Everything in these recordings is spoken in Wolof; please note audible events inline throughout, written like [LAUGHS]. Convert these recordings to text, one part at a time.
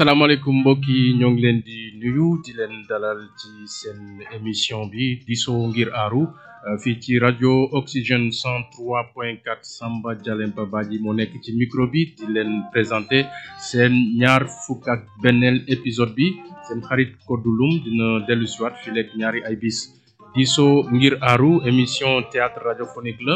asalaamaaleykum mbokk yi ñoo ngi leen di nuyu di leen dalal ci seen émission bi diisoo ngir aaru euh, fii ci rajo Oxygène 103.4 Samba Dialemba Badji moo nekk ci micro bi di leen présenté seen ñaar fukk ak benneel épisode bi seen xarit Kodou Loum dina dellu si waat ñaari ay bis diisoo ngir aaru émission théâtre radiophonique la.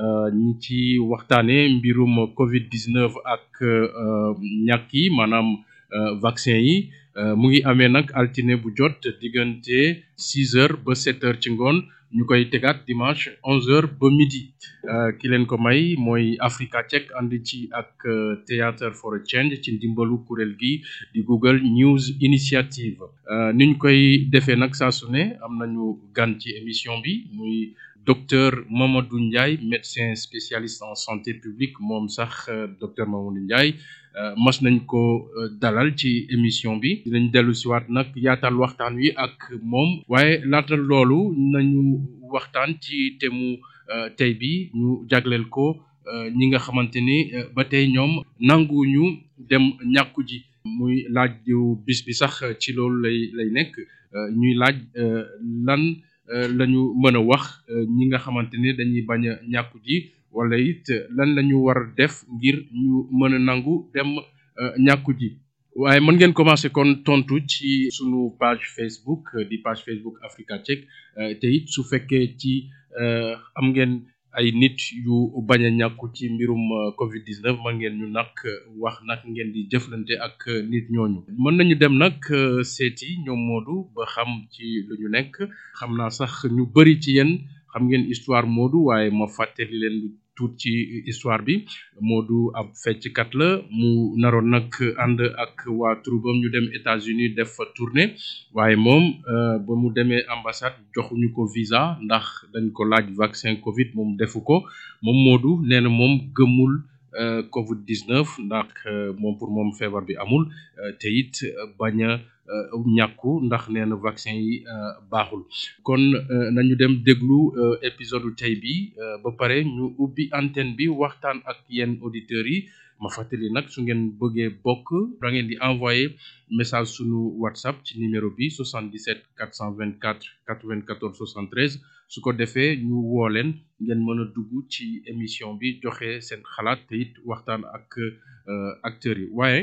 Euh, ñi ci waxtaanee mbirum Covid 19 ak euh, ñàkk yi maanaam. Euh, vaccin yi euh, mu ngi amee nag altine bu jot diggante six heures ba sept ci ngoon ñu koy tegaat dimanche onze heures ba midi euh, ki leen ko may mooy Africa Check ànd ci ak Theatre for a Change ci ndimbalu kuréel gi di Google News Initiative ni ñu koy defee nag saa su ne am nañu gan ci émission bi muy docteur Mamadou Ndiaye médecin spécialiste en santé publique moom sax docteur Mamadou Ndiaye Euh, mas nañ ko euh, dalal ci émission bi dinañ dellu si waat nag yaatal waxtaan wi ak moom waaye laata loolu nañu waxtaan ci temu euh, tey bi ñu jagleel ko ñi nga xamante ni ba tey ñoom nanguwuñu dem ñàkku ji muy laaj bis bi sax ci loolu lay lay nekk ñuy laaj lan lañu mën a wax ñi nga xamante ni dañuy bañ a ñàkku ji wala it lan la ñu war def ngir ñu mën a nangu dem euh, ñàkku ji waaye mën ngeen commencé kon tontu ci suñu page Facebook euh, di page Facebook Africa Check euh, te su fekkee ci am ngeen ay nit yu bañ a ñàkku ci mbirum Covid 19 mën ngeen ñu nag wax nag ngeen di jëflante ak nit ñooñu. mën nañu dem nag seeti ñoom moodu ba xam ci lu ñu nekk xam naa sax ñu bari ci yéen. xam ngeen histoire Modou waaye ma fàttali leen tuut ci histoire bi Modou ab fecckat la mu naroon nag ànd ak waa troubam ñu dem États-Unis def fa tournée waaye moom euh, ba mu demee ambassade joxuñu ko visa ndax dañ ko laaj vaccin Covid moom defu ko moom Modou nee na moom gëmul euh, Covid 19 ndax euh, moom pour moom feebar bi amul te it bañ Euh, ñàkku ndax nee na vaccin yi euh, baaxul kon euh, nañu dem déglu épisode tey bi ba pare ñu ubbi antenne bi waxtaan ak yenn auditeurs yi ma fàttali nag su ngeen bëggee bokk da ngeen di envoyer message sunu whatsapp ci numéro bi 77 424 94 73 su ko defee ñu woo leen ngeen mën a dugg ci émission bi joxee seen xalaat te it waxtaan ak acteurs yi waaye.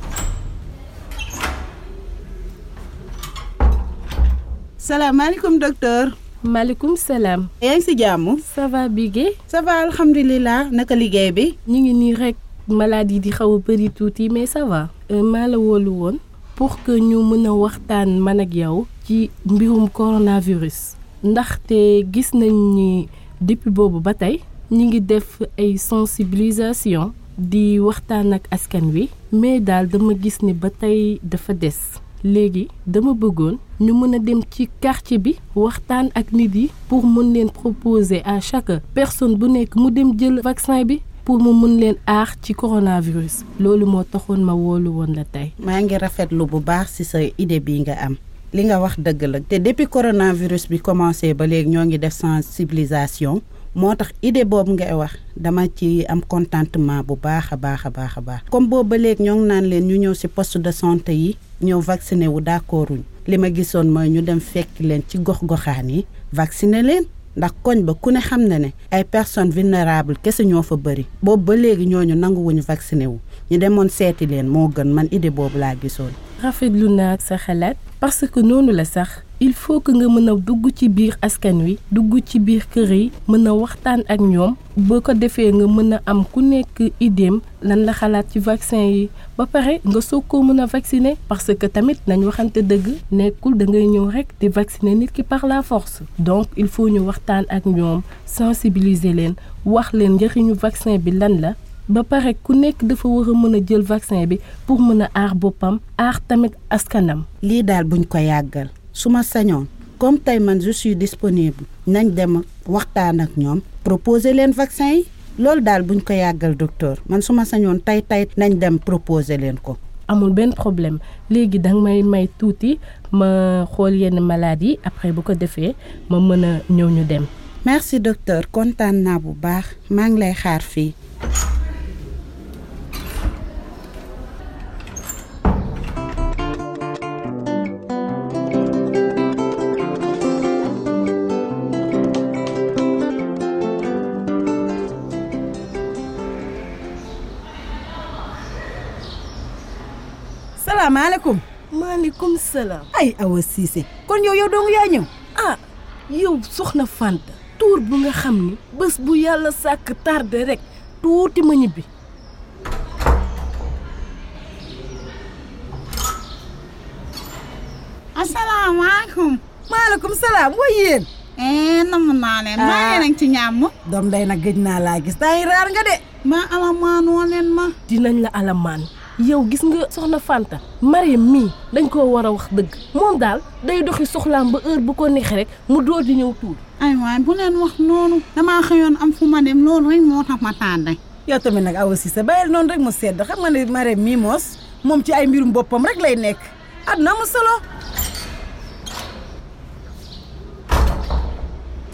salaamaaleykum docteur. maaleykum salaam. yaa ngi si jàmm. ça va Bigué. ça va naka liggéey bi. ñu ngi nii rek malade yi di xaw a bëri tuuti mais ça va. Euh, maa la wóolu woon. pour que ñu mën a waxtaan man ak yow. ci mbirum coronavirus. ndaxte gis nañ ni depuis boobu ba tey. ñu ngi def ay sensibilisation. di waxtaan ak askan wi. mais daal dama gis ni ba tey dafa des. léegi dama bëggoon ñu mën a dem ci quartier bi waxtaan ak nit yi pour mën leen proposer à chaque personne bu nekk mu dem jël vaccin bi pour mu mën leen aax ci coronavirus loolu moo taxoon ma woolu woon la tey. maa ngi rafetlu bu baax ci sa idée bii nga am. li nga wax dëgg la te depuis coronavirus bi commencé ba léegi ñoo ngi def sensibilisation. moo tax idée boobu ngay wax dama ci am contentement bu baax a baax a baax a baax comme boobu ba léegi ñoo ngi naan leen ñu ñëw si poste de santé yi ñëw vacciné wu d'accorduñ li ma gisoon mooy ñu dem fekki leen ci gox-goxaan yi vacciné leen ndax koñ ba ku ne xam ne ne ay personnes vulnérables kese ñoo fa bëri boobu ba léegi ñooñu nanguwuñu vacciné wu ñu demoon seeti leen moo gën man idée boobu laa gisoon rafetlu naa sa xalaat parce que noonu la sax il faut que nga mën a dugg ci biir askan wi dugg ci biir kër yi mën a waxtaan ak ñoom boo ko defee nga mën a am ku nekk idéem lan la xalaat ci vaccin yi ba pare nga soog koo mën a vacciner parce que tamit nañ waxante dëgg nekkul da ngay ñëw rek di vacciner nit ki par la force donc il faut ñu waxtaan ak ñoom sensibiliser leen wax leen njëriñu vaccin bi lan la ba pare ku nekk dafa war a mën a jël vaccin bi pour mën a aar boppam aar tamit askanam. lii daal buñ ko yàggal. su ma sañoon comme tey man je suis disponible nañ dem waxtaan ak ñoom proposer leen vaccin yi loolu daal buñ ko yàggal docteur man su ma sañoon tey tey nañ dem proposer leen ko. amul benn problème léegi danga may may tuuti ma xool yenn malade yi après bu ko defee ma mën a ñëw ñu dem. merci docteur kontaan naa bu baax maa ngi lay xaar fii. salaamaaleykum. maaleykum salaam. ay Awa Cissé. kon yow yow dong yaa ñëw. Ah, yow soxna Fanta. tuur bu nga xam ni bés bu yàlla sàkk tardé rekk tuuti ma ñibbi. asalaamaaleykum. maaleykum salaam wa yéen. Eh, nam naa leen. Ah. maa ngi leen ci ñàmm. doom day nag gëj naa laa gis. tay raar nga de. maa alamaan leen ma. dinañ la alamaan. yow gis nga soxna Fanta Mariam mii dañ koo war a wax dëgg moom daal day doxi soxlaam ba heure bu ko neexee rek mu door di ñëw tuur. ay waay bu leen wax noonu damaa xëyoon am fu ma ne loolu rek moo tax ma tànday. yow tamit nag awa si sa bàyyil noonu rek mu sedd xam nga ne Mariam mii moos moom ci ay mbirum boppam rek lay nekk aduna mu solo.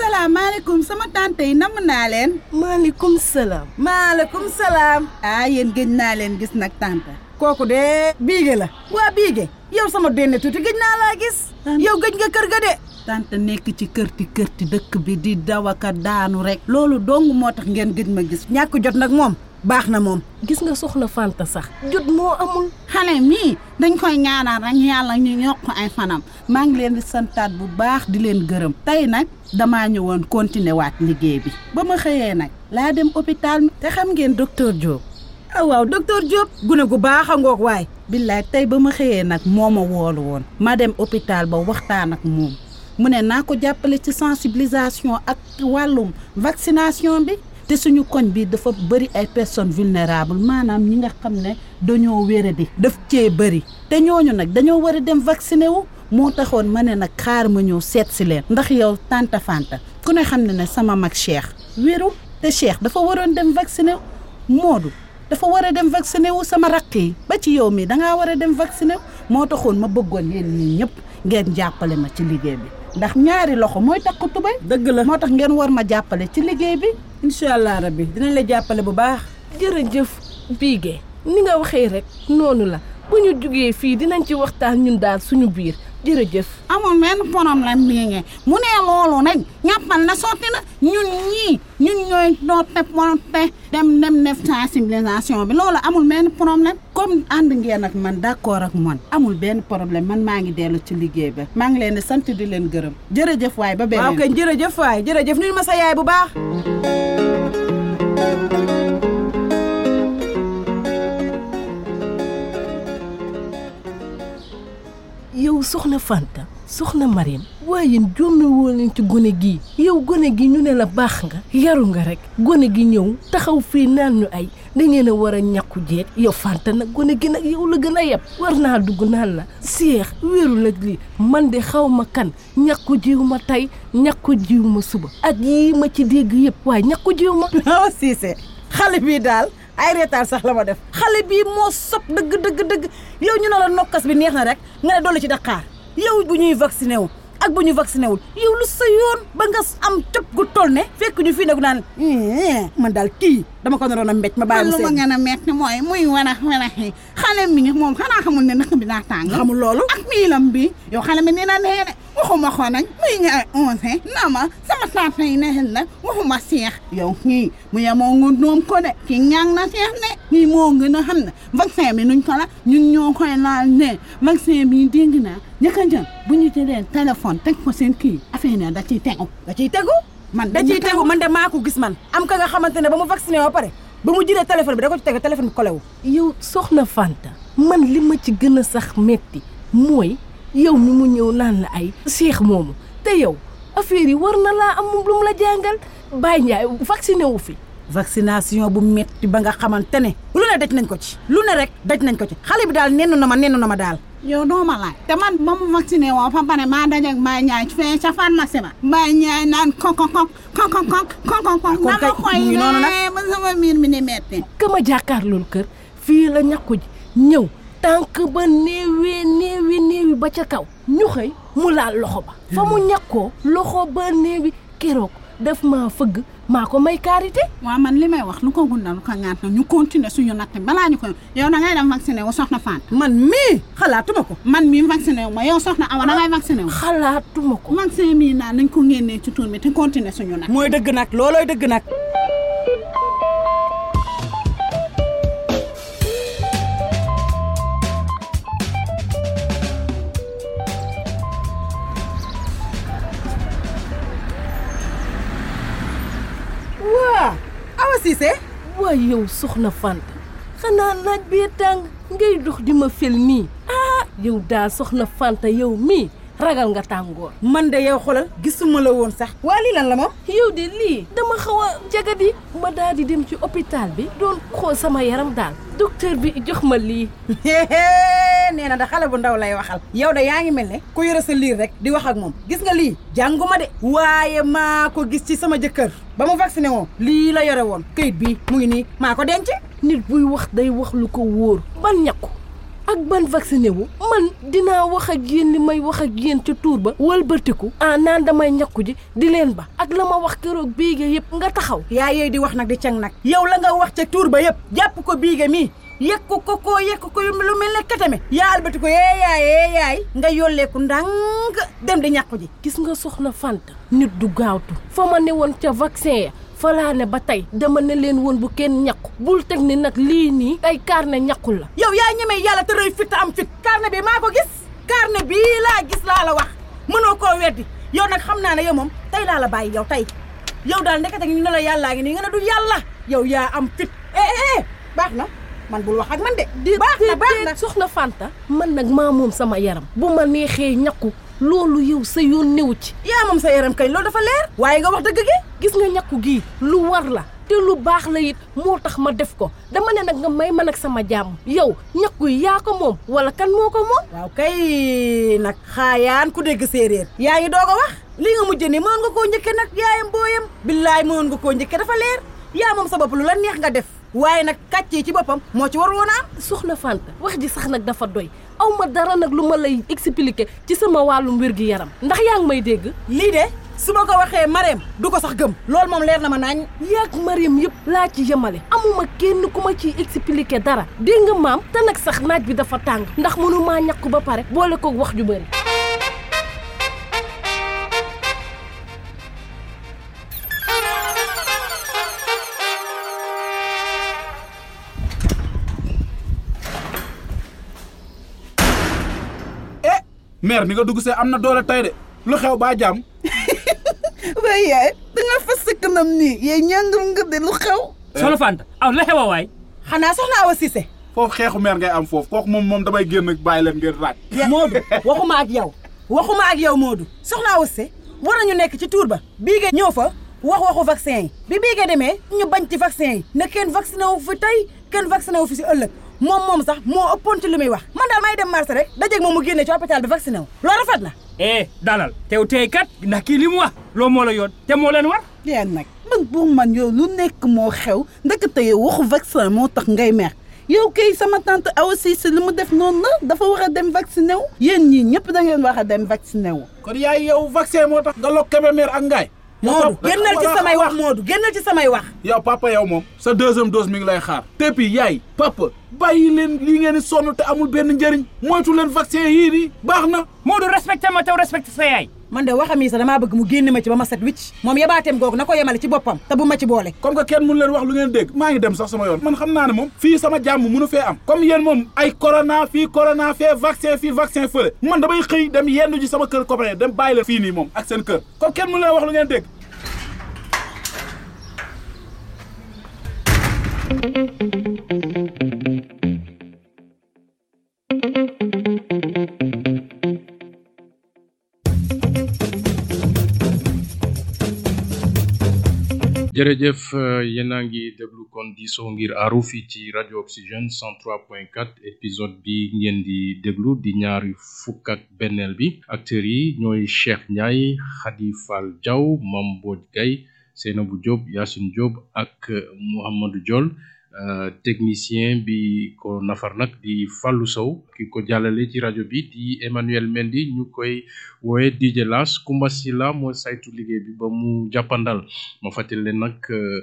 salaamaaleykum sama tante yi namm naa leen. maaleykum salaam. maaleykum salaam. ah yéen géej naa leen gis nag tante. kooku de biige la. waa biige yow sama denne tuuti géej naa laa gis. yow géej ga kër ga de. tante nekk ci kërti kërti dëkk bi di dawaka daanu rek. loolu dong moo tax ngeen géej ma gis. ñàkk jot nag moom baax na moom. gis nga soxna Fanta sax. jot moo amul. xale mii dañ koy ñaanal rek yàlla ñu yokk ay fanam maa ngi leen di santaat bu baax di leen gërëm. tey nag dama ñëwoon continuer waat liggéey bi. ba ma xëyee nag laa dem hôpital mi. te xam ngeen docteur Diop. Ah, waaw docteur Diop. gune gu baax a ngoog waay. billaay tey ba ma xëyee nag moo ma woolu woon. ma dem hôpital ba waxtaan ak moom. mu ne naa ko jàppale ci sensibilisation ak wàllum vaccination bi. te suñu koñ bi dafa bëri ay personnes vulnérables maanaam ñi nga xam ne dañoo wéradi daf cee bëri te ñooñu nag dañoo war a dem vacciné wu moo taxoon ma ne nag xaar ma ñëw seet si leen ndax yow tante Fanta ku ne xam ne ne sama mag Cheikh wérul te Cheikh dafa waroon dem vacciné wu Moodu dafa war a dem vacciné wu sama raq yi ba ci yow mi dangaa war a dem vacciné wu moo taxoon ma bëggoon yéen ñi ñëpp ngeen jàppale ma ci liggéey bi ndax ñaari loxo mooy tax ko tubay dëgg la moo tax ngeen war ma jàppale ci liggéey bi incha allah rabbi dinañ la jàppale bu baax jëf biige ni nga waxee rek noonu la bu ñu jugee fii dinañ ci waxtaan ñun daal suñu biir jërëjëf. amul menn problème lii ngeen mu ne loolu nag ñàppal na sotti na ñun ñii ñun ñooy doo te porte dem dem def sensibilisation bi loolu amul benn problème comme ànd ngeen ak man d'accord ak man amul benn problème man maa ngi dellu ci liggéey bi maa ngi leen di sant di leen gërëm jërëjëf waay ba beneen waaw kay jërëjëf waay jërëjëf nuyu ma sa yaay bu baax. yow soxna Fanta soxna Mariam waaye jommi woo leen ci gone gii yow gone gi ñu ne la baax nga yaru nga rek gone gi ñëw taxaw fii naan ñu ay da ngeen a war a ñàkku jeet yow Fanta nag gone gi nag yow la gën a yeb war naa dugg naan la seex wéeru la lii man de xaw ma kan ñàkku jiw ma tey ñàkku jiw ma suba ak yii ma ci dégg yëpp waaye ñàkku jiw ma. non [LAUGHS] Cissé xale bi daal. ay retard sax la ma def xale bii moo sob dëgg dëgg dëgg yow ñu ne la nokkas bi neex na rek nga ne dolli ci Dakar yow bu ñuy vacciné wu ak bu ñu vacciné wul yow sa yoon ba nga am cop gu toll ne fekk ñu fii da nag naan eh, ma dal kii dama ko naroon a mbéj ma baax lu ma gën mooy muy wanax wanax yi xale mi moom xanaa xamul ne naka bi daa tàng xamul loolu ak miilam bi yow xale mi nee na nee de waxuma ko nag muy ñaar onze na ma sama tante yi nexel nag waxuma seex yow kii mu yemoo ngu doom ko de kii ñaang na seex ne kii moo gën xam ne vaccin bi nuñ ko la ñun ñoo koy laal ne vaccin bi dégg Ndiakandia bu ñu neen téléphone teg ko seen kii affaire yi da ciy tegu. da ciy tegu man da ciy tegu man de maa ko gis man. am ka nga xamante ne ba mu vacciné ba pare ba mu jëlee téléphone bi da ko ci teg téléphone bi collé yow soxna Fanta man li ma ci gën a sax metti mooy yow mi mu ñëw naan la ay. seex moomu te yow affaire yi war na laa am lu mu la jàngal Baye Ndiaye vacciné wu fi. vaccination bu metti ba nga xamante ne. lu ne daj nañ ko ci. lu ne rek daj nañ ko ci xale bi daal nenn na ma nenn na ma daal. yow doo te man ba mu vacciné woo fa pare maa dajeeg Mbaye Ndiaye fee ca pharmacie ba Mbaye Ndiaye naan koŋko koŋko koŋko koŋko koŋko. ah kon kay mu noonu nag ba sama miir mi ni metti. kama jàkkaarloolu kër fii la ñàkku ji ñëw tànk ba néewee néewi néewi ba ca kaw ñu xëy mu laal loxo ba. fa mu ñàkkoo loxo ba néewi keroog daf maa fëgg. maa ko may karité waaw man li may wax lu ko gundal lu ko ŋaat na ñu continuer suñu natt balaa ñu ko yow da ngay dem vacciné wu soxna Fanta man mii xalaatuma ko man mii vacciné wu ma yow soxna Awa da ngay vacciné wu xalaatuma ko vaccin mii naa nañ ko génnee ci tuur mi te continuer suñu natt mooy dëgg nag loolooy dëgg nag Cissé. waaye yow soxna Fanta xanaa naaj bee tàng ngay dox di ma fel nii ah yow daa soxna Fanta yow mii. ragal nga tàngoor. man de yow xoolal gisuma la woon sax. waa lii lan la moom. yow de lii dama xaw a jagadi ma daal di dem ci hôpital bi. doon xool sama yaram daal. docteur bi jox ma lii. [LAUGHS] nee na da xale bu ndaw lay waxal. yow de yaa ngi mel ne. ku yore sa liir rek di wax ak moom. gis nga lii jànguma de. waaye maa ko gis ci sama jëkkër. ba mu vacciné woo. lii la yore woon. këyit bi mu ngi nii maa ko denc. nit buy wax day wax lu ko wóor. ban ñàkku. ak ban vacciné wu man dinaa wax ak yéen li may wax ak yéen ca tuur ba walbatiku ah naan damay ñakku ji di leen ba ak la ma wax këroog biige yëpp nga taxaw yaa yey di wax nag di cang nag yow la nga wax ca tuur ba yëpp jàpp ko biige mi yekk ko koo yekk ko yu lu mel ne katame yaa albati ko eh, yee yaay eh, yee nga yolleeku ndànk dem di ñàqu ji gis nga soxna Fanta nit du gaawtu fa ma ne woon ca vaccin ya falaane ba tey dama ne leen woon bu kenn ñakku bul teg ni nag lii nii ay carnet ñàkkul la yow yaa ñemee yàlla te rëy fit am fit carnet bi maa ko gis carnet bii laa gis laa la wax mënoo koo weddi yow nag xam naa ne yow moom tey laa la bàyyi yow tey yow daal ndekete ñu ne la yàllaa ngi nii nga ne du yàlla yow yaa am fit eh eh, eh baax na man bul wax ak man de baax na baax na soxla Fanta man nag maa moom sama yaram bu ma neexee ñakku loolu yow sa yoon néew ci. yaa moom sa yaram kay loolu dafa leer. waaye nga wax dëgg gi gis nga ñàkku gii lu war la. te lu baax la it moo tax ma def ko dama ne nag nga may man ak sama jàmm yow ñàkku yi yaa ko moom wala kan moo ko moom. waaw kay nag. xaayaan ku dégg séeréer. yaa ngi doo ko wax. li nga mujj nii mënoon nga koo njëkkee nag yaayam booyam. billaay mënoon nga koo njëkke dafa leer yaa moom sa bopp lu la neex nga def. waaye nag kàccee ci boppam moo ci war woon a am. soxna Fanta wax ji sax nag dafa doy aw ma dara nag lu ma lay expliquer ci sama wàllum wér-gi-yaram ndax yaa ngi may dégg. lii de su ma ko waxee Marème du ko sax gëm. loolu moom leer na ma naañ. yaag Marème yëpp laa ci yemale. amuma kenn ku ma ciy expliquer dara. dégg nga maam te nag sax naaj bi dafa tàng. ndax mënu maa ñàkk ba pare boole ko wax ju bëri. mère ni nga dugg see am na doole tey de lu xew baa jàmm. [LAUGHS] waaye yaay da nga fas sa kanam nii yaay ñàngam nga de lu xew. Eh? soxna aw la xew xanaa soxna Awa Cissé. foofu xeexu meer ngay am foofu kooku moom moom damay génn bàyyi leen ngeen raaj. Moodu waxuma ak yow waxuma ak yow Moodu soxna Awa Cissé war ñu nekk ci tuur ba bii nga ñëw fa. wax waxu vaccin yi bi bii nga demee ñu bañ ci vaccin yi ne kenn si wu fu tey kenn vacciné wu fi si ëllëg moom moom sax moo ëppoon ci li muy wax man daal may dem marché rek dajeeg moom mu génne ci hôpital bi vacciné loolu rafet na. eh dalal teew tey kat ndax kii li mu wax loo moo la yoon te moo leen war. yéen nag man pour man yow lu nekk moo xew ndekete yow waxu vaccin moo tax ngay mer yow kay sama tante Awa Cissé li mu def noonu la dafa wax a dem vacciné wu. yéen ñii ñëpp da ngeen war a dem vacciné wu. kon yaay yow vaccin moo tax. nga lokk Kébémer ak Ngaye. moo Moodu génnal ci samay wax Moodu génnal ci samay wax. yow papa yow moo sa deuxième dose mi ngi lay xaar. teppi yaay papa bàyyi leen li ngeen di sonn te amul benn njëriñ moytu leen vaccin yii nii baax na. moo Moodu respecté ma taw respecté sa yaay. man de waxam yi sax damaa bëgg mu génn ma ci ba ma set wicc moom yabaateem googu na ko yemale ci boppam te bu ma ci boole comme que kenn mënu leen wax lu ngeen dégg maa ngi dem sax sama yoon man xam naa ne moom fii sama jàmm mënu fee am comme yéen moom ay corona fii corona fee vaccin fii vaccin fële man damay xëy dem yendu ji sama kër copain dem bàyyi leen fii nii moom ak seen kër comme kenn mënu leen wax lu ngeen dégg jërëjëf euh, yéen a ngi déglu kon diisoo ngir aaru fii ci rajo oxygène 103.4 épisode bi ngeen di déglu di ñaari fukk ak benneel bi acteurs yi ñooy Cheikh Ndiaye xadifal Fall Diaw Mame Mbodj Guèye Seynabou Diop Yacine Diop ak euh, Mouhamadou Diol Euh, technicien bi ko nafar nag di fallu Sow ki ko jàllale ci rajo bi di Emmanuel Mendy ñu koy woowe DJ Las Kumba la moo saytu liggéey bi ba mu jàppandal ma fàttali leen nag euh,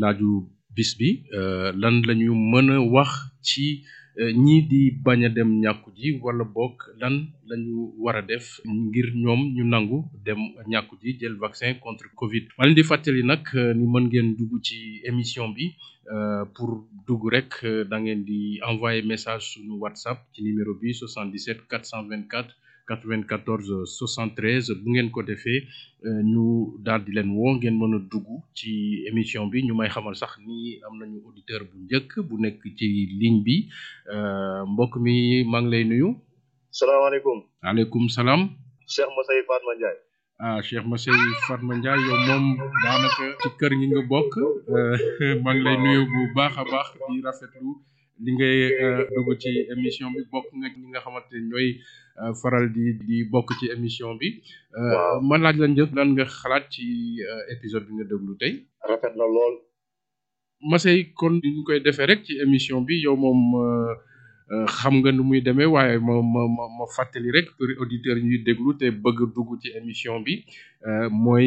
laaju bis bi euh, lan la ñu mën a wax ci ñii di bañ a dem ñàkku ji wala bokk lan lañu ñu war a def ngir ñoom ñu nangu dem ñàkku ji jël vaccin contre Covid ma leen di fàttali nag ni mën ngeen dugg ci émission bi Euh, pour dugg rek euh, da ngeen di envoyé message suñu whatsapp ci numéro bi 77 424 94 73 bu ngeen ko defee euh, ñu daal di leen woo ngeen mën a dugg ci émission bi ñu may xamal sax ni am nañu auditeur bu njëkk bu nekk ci ligne bi mbokk mi maa ngi lay nuyu. salaamaaleykum. maaleykum salaam. Cheikh Moussa Fatma Ndiaye. ah Cheikh Massey Fatma Ndiaye yow moom daanaka ci kër gi nga bokk eh, [LAUGHS] maa ngi lay nuyu bu baax a baax di rafetlu li ngay eh, dugg ci émission bi nga xamante ne ñooy eh, faral di bokk ci émission bi. man laaj lañ njëkk lan nga xalaat ci épisode bi nga déglu tey. Massey kon ñu koy defee rek ci émission bi yow moom. Euh, xam nga nu muy demee waaye ma ma ma ma fàttali rek pour auditeurs ñuy déglu te bëgg dugg ci émission bi euh, mooy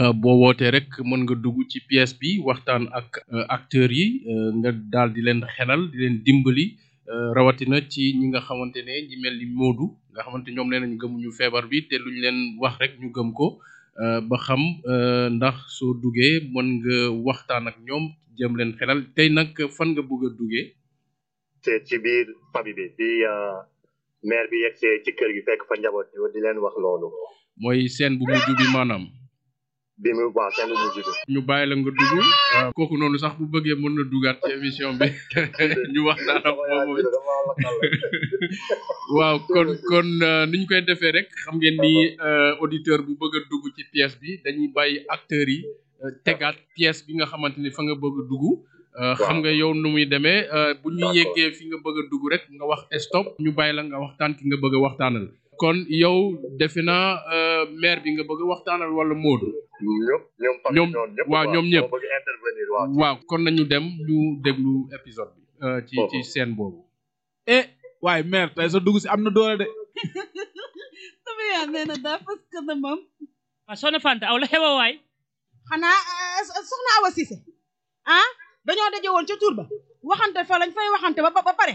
euh, boo wootee rek mën nga dugg ci pièce bi waxtaan ak acteurs yi nga daal di leen xelal di leen dimbali rawatina ci ñi nga xamante ne ñi mel ni Moodu nga xamante ñoom nee nañu gëmuñu feebar bi te luñ leen wax rek ñu gëm ko ba xam ndax soo duggee mën nga waxtaan ak ñoom jëm leen xelal tey nag fan nga bëgg duggee. ci biir famille bi euh, bi maire bi yegg see ci kër gi fekk fa njaboot bi di leen wax loolu. mooy seen bu mujj bi maanaam. bi mu ñu bàyyi la nga dugg. kooku noonu sax bu bëggee mën na duggaat ci émission bi [LAUGHS] ñu waxtaan ak moom waaw [LAUGHS] kon kon euh, ni ñu koy defee rek xam ngeen ni euh, auditeur bu bëgg a dugg ci pièce bi dañuy bàyyi acteurs yi tegaat pièce bi nga xamante ni fa nga bëgg a dugg. Euh, xam nga yow nu muy demee euh, bu ñu yeggee fi nga bëgg a dugg rek nga wax stop ñu bàyyi la nga waxtaan ki nga bëgg a waxtaanal kon yow defe naa euh, maire bi nga bëgg waxtaanal wala Modou ñoom ñoom ñëpp waaw kon nañu dem ñu déglu épisode bi ci ci boobu eh waaye maire tey sa dugg si am na doole de [LAUGHS] sama yaa nee na daa parce que moom waaw soxna Fanta aw la xewa waay xanaa soxna Awa Cissé ah dañoo daje woon ca tur ba waxante fa lañ fay waxante ba ba pare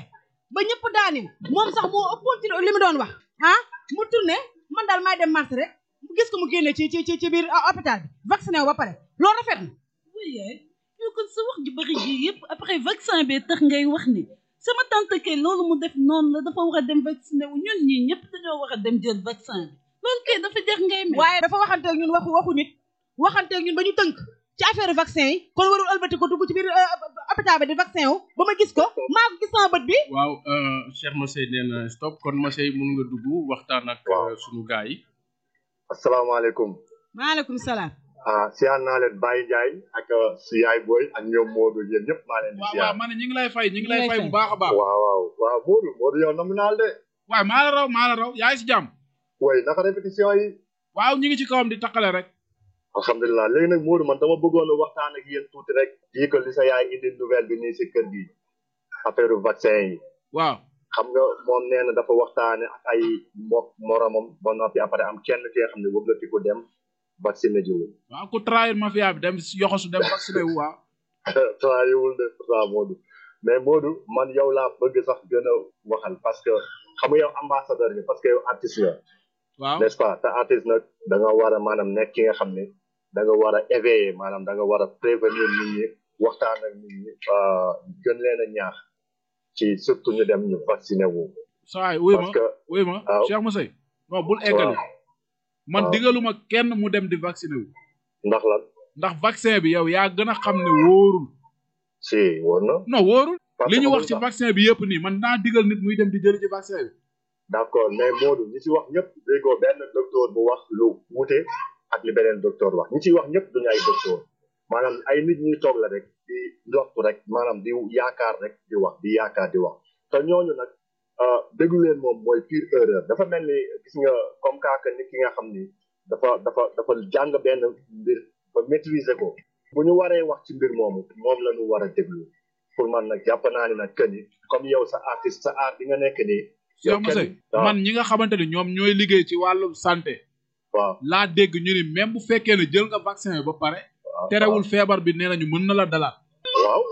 ba ñëpp daani moom sax moo ëppoon ci li mu wax ah mu tourné man daal maay dem marché rek mu gis ko mu génne ci ci ci biir ah, hôpital bi vacciné wu ba pare loolu rafet na. oui eh. yow kon sa wax ju bëri ji yëpp après vaccin bi tax ngay wax ni sama tante kay loolu mu def noonu la dafa wax a dem vacciné wu ñun ñii ñëpp dañoo wax a dem jël vaccin bi loolu kay dafa jeex ngay mel. waaye dafa waxanteeg ñun waxu waxu nit waxanteeg ñun ba ñu tënk. ci affaire vaccin yi kon warul albati ko dugg ci biir euh, hôpital bi di vaccin wu ba ma gis ko maa ko bi waaw euh, Cheikh Massey nee na stop kon Massey mun nga dugg waxtaan ak euh, suñu gars yi asalaamaaleykum maaleykum salaam ah siyaar naa leen Baye ak si yaay booy ak ñoom Modou yéen waaw man ñu ngi lay fay ñu ngi bu baax a baax waaw waaw waaw Modou Modou yow nam raw maa raw yaa si jàmm way naka répétition yi waaw ñu ngi ci kawam di taqale rek alhamdulilah léegi nag Modou man dama bëggoon waxtaan ak yéen tuuti rek. di ko li sa yaay indi nouvelle bi nii si kër gi affaire vaccin yi. waaw xam nga moom nee dafa waxtaane ak ay mbokk moromam ba noppi après am kenn ki nga xam ne wëggati ko dem vacciné jiwu. waaw ku trahir mafia bi dem yoxosu dem vacciné wu waaw. [LAUGHS] trahir wul de mais Modou man yow laa bëgg sax gën a waxal parce que xam yow ambassadeur bi parce que yow artiste nga. waaw nest pas te artiste nag da nga war a nekk ki nga xam ne. da nga war a maanaam da nga war a prévenir nit waxtaan ak nit euh, gën leen ñaax ci surtout ñu dem ñu vacciné wu. saa yi wuy ma wuy ma Cheikh Moussa non bul eggali man digaluma kenn mu dem di vacciné wu. ndax la ndax vaccin bi yow yaa gën a xam ne wóorul. si wóor na. non wóorul li ñu wax ci vaccin bi yëpp nii man naa digal nit muy dem di jëli ci vaccin bi. d' accord mais Modou ñu ci wax ñëpp déggoo benn docteur bu wax lu wute ak li beneen docteur wax ñi ciy wax ñëpp duñu ay docteur maanaam ay nit ñuy toog la rek di njortu rek maanaam di yaakaar rek di wax di yaakaar di wax te ñooñu nag euh, déglu leen moom mooy pure erreur dafa mel ni gis nga comme kaaka nit ki nga xam ni dafa dafa dafa jàng benn mbir ba maîtriser ko bu ñu waree wax ci mbir moomu moom la ñu war a déglu pour man nag jàpp naa ne nag kën comme yow sa artiste sa art bi nga nekk nii yow monsieur man ñi nga xamante ñoom ñooy liggéey waaw laa dégg ñu ni même bu fekkee ne jël nga vaccin bi ba pare. terewul feebar bi ne nañu mën na la dalaat.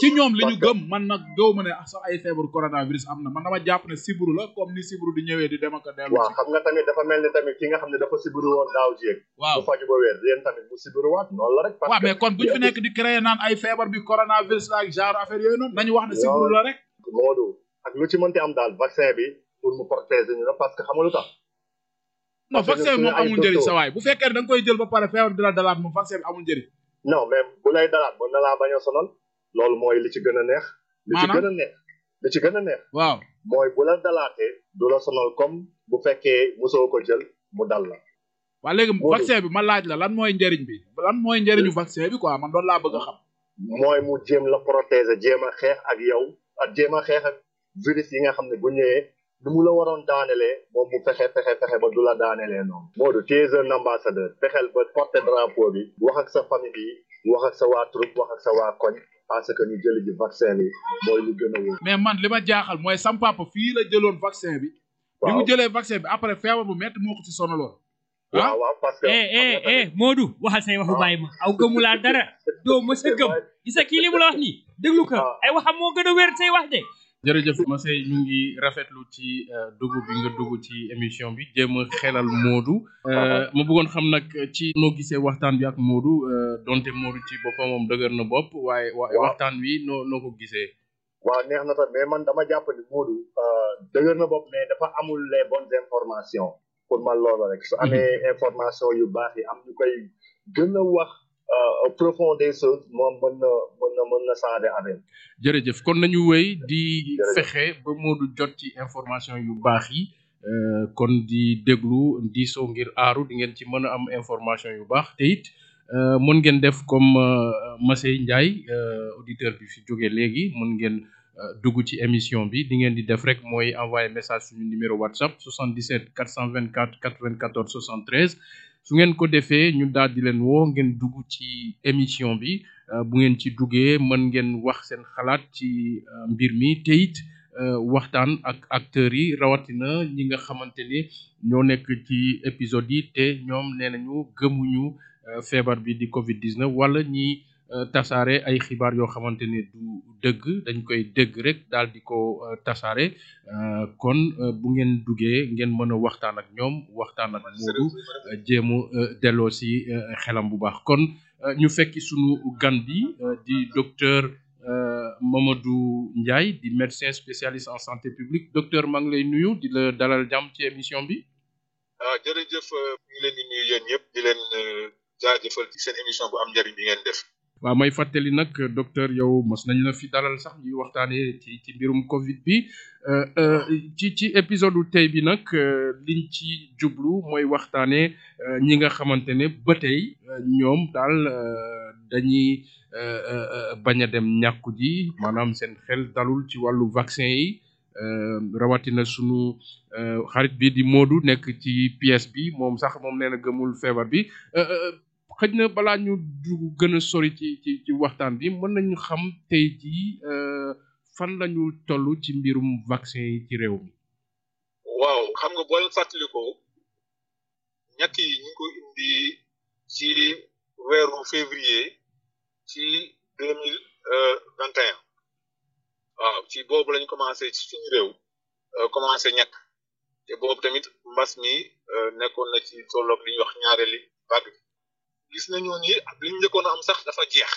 ci ñoom li gëm man na gëw ma ne ah, sax ay feebaru coronavirus am na man dama jàpp ne siburu la comme ni siburu di ñëwee di dem a dellu. waaw xam nga tamit dafa mel ni tamit ki nga xam ne dafa siburu woon daaw jéeg. waaw bu faju ba wér yéen tamit bu feebar bi coronavirus la ak genre affaire yooyu noonu. nañu wax ne siburu la rek. Modou ak lu ci mënti am daal vaccin bi pour mu protéger ñu la parce que xam nga lu tax non vaccin bi moom amul njëriñ sa bu fekkee ne koy jël ba pare feebar bi la dalaat moom vaccin bi amul njëriñ non mais bu lay dalaat ba na a sonal loolu mooy li ci gën a neex li ci gën ci gën a neex waaw mooy bu la dalaatee du la sonal comme bu fekkee mosoo ko jël mu dal la waa léegi vaccin bi ma laaj la lan mooy njëriñ bi lan mooy njëriñu vaccin bi quoi man loolu laa bëgg a xam mooy mu jéem la a jéem a xeex ak yow ak jéem a xeex ak virus yi nga xam ne bu ñëwee nu mu la waroon daanelee moom mu fexe fexe ba du la daanelee noonu. Modou tu es un ambassadeur fexeel ba porter drapeau bi wax ak sa famille bi wax sa waa troupe wax ak sa waa koñ parce que ñu jëli ji vaccin bi mooy lu gën a mais man li ma jaaxal mooy sam fii la jëloon vaccin bi. waaw bi mu jëlee vaccin bi après feebar bu métti moo ko ci sonaloon. Ah? waaw waaw parce que. eh eh, eh waxal say waxu ah. ma aw gëmu dara [LAUGHS] doo mës a gëm gis kii li mu la wax nii déglu ah. a jërëjëf Masseye ñu ngi rafetlu ci euh, dugg bi nga dugg ci émission bi jéem a xelal moodu euh, ma bëggoon xam nag ci noo gisee waxtaan bi ak Modou euh, donte Modou ci boppam moom dëgër na bopp waaye. waxtaan wi no no ko gisee. waa neex na tam mais man dama jàpp ni Modou. dëgër na bopp mais dafa amul les bonnes informations pour man loolu rek. su mhm. amee information yu baax yi am ñu koy gën wax. Euh, profondeur chose moom mën na mën na mën na changer affaire jërëjëf kon nañu wéy di fexe ba Modou jot ci information yu baax yi euh, kon di déglu diisoo ngir aaru di ngeen ci mën a am information yu baax te it euh, mën ngeen def comme Massey Ndiaye auditeur bi fi jógee léegi mun ngeen dugg ci émission bi di ngeen di def rek mooy envoyé message suñu numéro WhatsApp 77 424 94 73 su ngeen ko defee ñu daal di leen woo ngeen dugg ci émission bi euh, bu ngeen ci duggee mën ngeen wax seen xalaat ci euh, mbir mi te it euh, waxtaan ak acteurs yi rawatina ñi nga xamante ne ñoo nekk ci épisode yi te ñoom nee nañu gëmuñu feebar bi di Covid 19 wala ñi. Euh, tasaare ay xibaar yoo xamante ne du dëgg dañ koy dëgg rek daal di ko euh, tasaare euh, kon bu ngeen duggee ngeen mën a waxtaan ak ñoom waxtaan ak Moodu jéemu delloo si xelam bu baax kon ñu fekki suñu gan bi di docteur Mamadou njaay di médecin spécialiste en santé publique docteur maa ngi lay nuyu di dalal jàmm ci émission bi. ah leen di nuyu ci seen émission bu am njëriñ bi ngeen def. waaw may fàttali nag docteur yow mos nañu la fi dalal sax ñuy waxtaane ci ci mbirum Covid bi euh, euh, ci ci épisode u tey bi nag euh, liñ ci jublu mooy waxtaanee ñi nga xamante ne ba tey ñoom daal dañuy bañ a dem ñàkku ji maanaam seen xel dalul ci wàllu vaccin yi rawatina sunu xarit bi di Modou nekk ci pièce bi moom sax moom nee na gëmul feebar bi. xëj na balaa ñu dugg gën a sori ci ci ci waxtaan bi mën nañu xam tey jii euh, fan lañu ñu toll ci mbirum vaccin yi ci réew mi. waaw xam nga boo leen fàttalikoo ñu ko indi ci weeru février ci deux mille euh, vingt et waaw ci boobu lañ commencé ci suñu réew euh, commencé ñett te boobu tamit mbas mi nekkoon na ci solo li ñuy wax ñaareeli vague gis nañu ni liñ njëkkoon am sax dafa jeex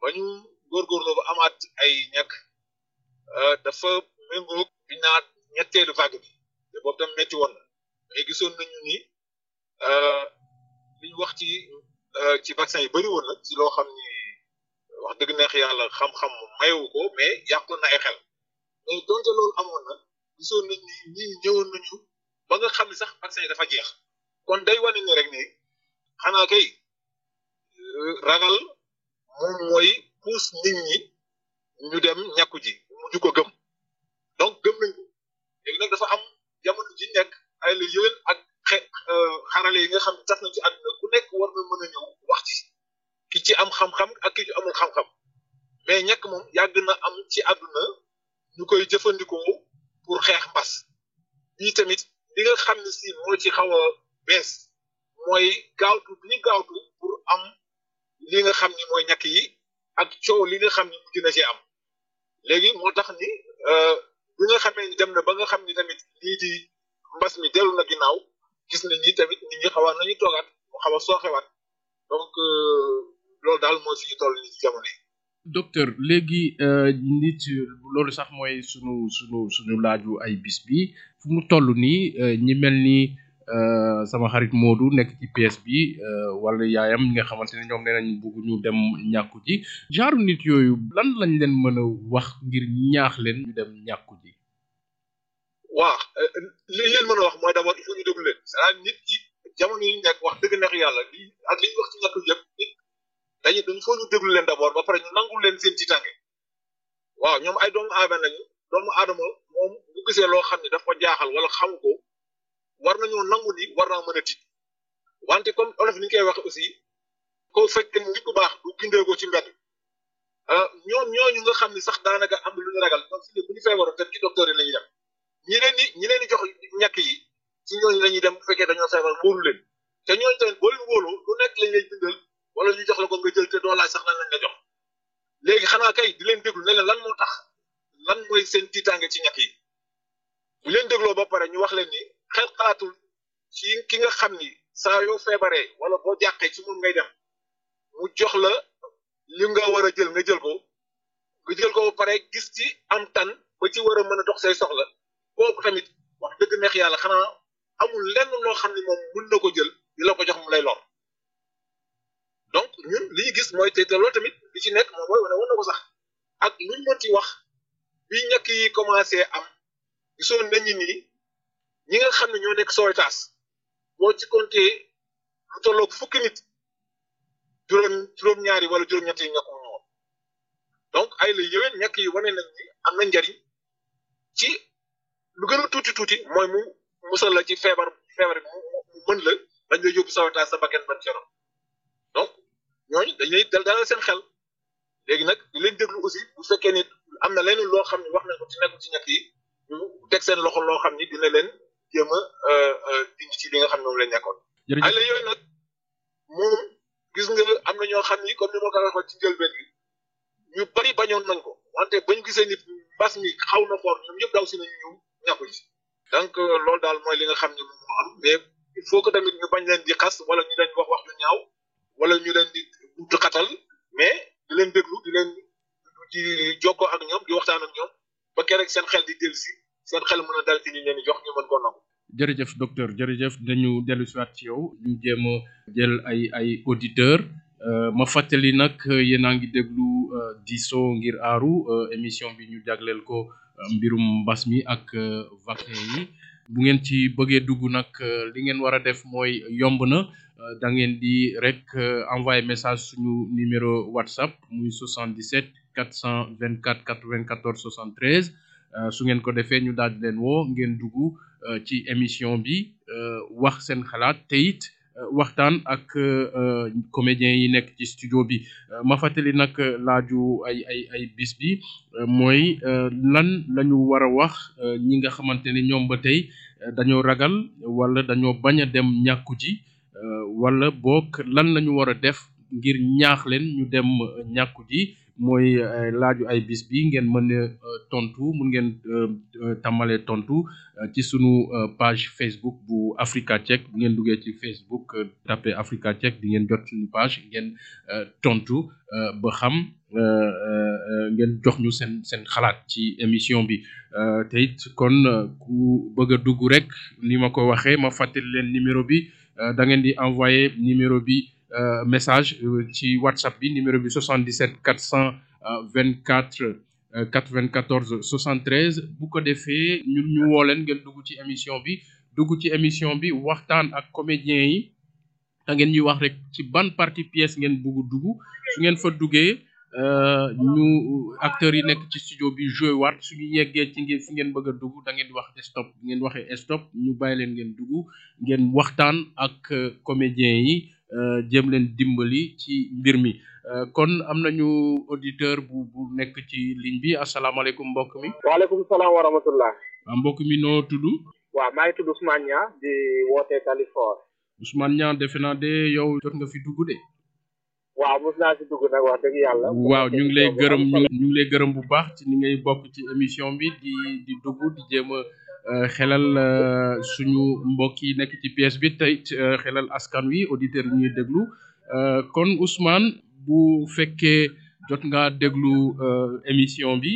ba ñu góorgóorloo ba amaat ay ñàkk euh, dafa méngóog bi naat ñetteelu vague bi te boobu tam métti woon na mais gisoon nañu ni euh, liñ wax ci euh, ci vaccin yi bëri woon na ci loo xam ni wax dëgg neex yàlla xam-xam mayewu ko mais yàqoon na ay xel mais donte loolu amoon na gisoon nañ ni ba nga xam ne sax vaccin yi dafa jeex kon day wane ni rek nii xanaa kay ragal moom mooy puus nit ñi ñu dem ñàkku ji mujj ko gëm donc gëm nañ ko léegi dafa am jamono ji nekk ay la yëwén ak xe euh, xarale yi nga xam ne tas ci àdduna ku nekk war na ñëw wax ci ki ci am xam-xam ak ki ci xam-xam mais ñekk moom yàgg na am ci àdduna ñu koy jëfandikoo pour xeex mbas bii tamit li nga xam si moo ci xaw a bees mooy gaawtu bi ñu gaawtu pour am li nga xam ni mooy ñàkk yi ak coow li nga xam ni mujj na cee am léegi moo tax ni euh, bi nga xamee ni dem na ba nga xam ni tamit lii di mbas mi dellu na ginnaaw gis nañ ni tamit nit ñi xawaat nañu toogaat mu xaw a sooxewaat donc euh, loolu daal mooy fi ñu toll nii ci jamono yi. docteur léegi euh, nit loolu sax mooy sunu sunu sunu laaju ay bis bi fu mu toll nii ñi mel nii Euh, sama xarit Modou nekk ci PS bi euh, wala yaayam ñi nga xamante ne ñoom nee nañ bëgg ñu dem ñàkku ji genre nit yooyu lan lañ leen mën a wax ngir ñaax leen ñu dem ñàkku ji. waaw euh, li leen mën a wax mooy d'abord il faut ñu yi jamono ñu nekk wax dëgg neex yàlla li ak li ñu wax ci ñàkk yëpp leen d'abord ba pare ñu nangul leen seen tiitaange waaw ñoom ay doomu aadama moom bu gisee loo xam ne daf ko jaaxal wala xam ko. war nañoo nangu ni war naa mën a tiit wante comme olof ni ñu koy waxee aussi ko fekk nit ku baax du gindee ko ci mbedd euh, ñoom ñooñu nga xam ni sax daanaka am lu ragal donc bu ñu feebaroon tam ci docteur yi la ñuy dem ñi leen di leen di jox ñàkk yi ci ñooñu la dem bu fekkee dañoo feebar wóolu leen te ñoo tamit boo leen wóolu lu nekk lañ lay wala ñu jox la ko nga jël te doo laaj sax lan lañ la jox léegi xanaa kay di leen déglu ne leen lan moo tax lan mooy seen tiitaange ci ñàkk yi bu leen dégloo ba pare ñu wax leen ni xel xalaatul ci ki nga xam ni saa yoo feebaree wala boo jàqee ci moom ngay dem mu jox la li nga war a jël nga jël ko nga jël ko ba pare gis ci am tan ba ci war a mën a dox say soxla kooku tamit wax dëgg neex yàlla xanaa amul lenn loo xam ne moom mun na ko jël di la ko jox mu lay lor donc ñun li ñu gis mooy te te tamit li ci nekk moom mooy wane woon na ko sax ak luñ mën ci wax bi ñàkk yi commencé am gisoon nañu ni. ñi nga xam ne ñoo nekk Sowétas boo ci compté lu tolloog fukki nit juróom juróom-ñaari wala juróom-ñett yi ñàkkul woon donc ay la yéwén ñàkk yi wane nañ am na njariñ ci lu gën a tuuti tuuti mooy mu musal ci feebar feebar bi mu mën la dañ lay yóbbu Sowétas sa bakkan ban cero donc ñooñu dañ lay daal seen xel léegi nag di leen déglu aussi bu fekkee ni am na leneen loo xam ne wax nañ ko ci ci ñàkk yi ñu teg seen loxo loo xam ni dina leen. jéem a euh, euh, dindi ci li nga xam ne moom la nekkoon. jërëjëf ale gis nga am na ñoo xam ni comme ni ma ko waxoon ci njëlbeen bi ñu bari bañoon nañ ko wante bañ gisee ni mbas mi xaw na fort ñoom ñëpp daw si nañ ñu ñàkku euh, loolu daal mooy li nga xam ne moom moo mais il faut que tamit ñu bañ leen di xas wala ñu leen wax wax lu ñaaw wala ñu leen di buntu xatal mais di leen déglu di leen di jokkoo ak ñoom di waxtaan ak ñoom ba keroog seen xel di dellusi seen xel mën a dal ci jox ñu mën ko nangu. jërëjëf docteur jërëjëf dañu dellu si ci yow ñu jéem jël ay ay auditeurs euh, ma fàttali nag yéen a ngi déglu euh, diisoo ngir aaru euh, émission bi ñu jagleel ko mbirum mbas mi ak vaccin yi bu ngeen ci bëggee dugg nag li ngeen war a def mooy yomb na da ngeen di rek envoyé message suñu numéro whatsapp muy 77 424 94 73. Euh, su ngeen ko defee ñu daal leen woo ngeen dugg euh, ci émission bi euh, wax seen xalaat te it waxtaan ak comédiens yi nekk ci studio bi ma fàttali nag laaju ay ay ay bis bi mooy lan lañu ñu war a wax ñi nga xamante ni ñoom ba tey dañoo ragal wala dañoo bañ a dem ñàkku ji wala book lan la ñu war a def ngir ñaax leen ñu dem ñàkku ji mooy euh, laaju ay bis bi ngeen mën a euh, tontu mun ngeen euh, tàmbale tontu ci sunu page Facebook bu Africa Check ngeen duggee ci Facebook tapé Africa Check di ngeen jot suñu page ngeen tontu ba xam ngeen jox ñu seen seen xalaat ci émission bi te it kon ku bëgg a dugg rek ni ma ko waxee ma fàttali leen numéro bi da ngeen di envoyé numéro bi. Euh, message euh, ci whatsapp bi numéro bi 77 424 94 73 bu ko defee ñun ñu woo leen ngeen dugg ci émission bi dugg ci émission bi waxtaan ak comédiens yi da ngeen ñuy wax rek ci ban partie pièce ngeen bugg dugg su ngeen fa duggee euh, ñu acteurs yi nekk ci studio bi joué waat suñu yeggee ci ngeen fi ngeen bëgg a dugg da ngeen wax stop ngeen waxee stop ñu bàyyi leen ngeen dugg ngeen waxtaan ak comédiens yi Euh, jëm leen dimbali ci mbir mi euh, kon am nañu auditeur bu bu nekk ci ligne bi asalaamaaleykum mbokk mi. waaleykum salaam wa rahmatullah. Ah, mbokk mi noo tudd. waa maa ngi tudd Ousmane Niang di woote Californie. Ousmane Niang defe naa de yow jot nga fi dugg de. waaw mos naa si dugg nag wax dëgg yàlla. waaw ñu ngi lay gërëm ñu ngi lay gërëm bu baax ci ni ngay bokk ci émission bi di di dugg di jéem Euh, xelal euh, suñu mbokk yi nekk ci pièce bi tey euh, xelal askan wi auditeurs yi ñuy déglu kon Ousmane bu fekkee jot nga déglu émission bi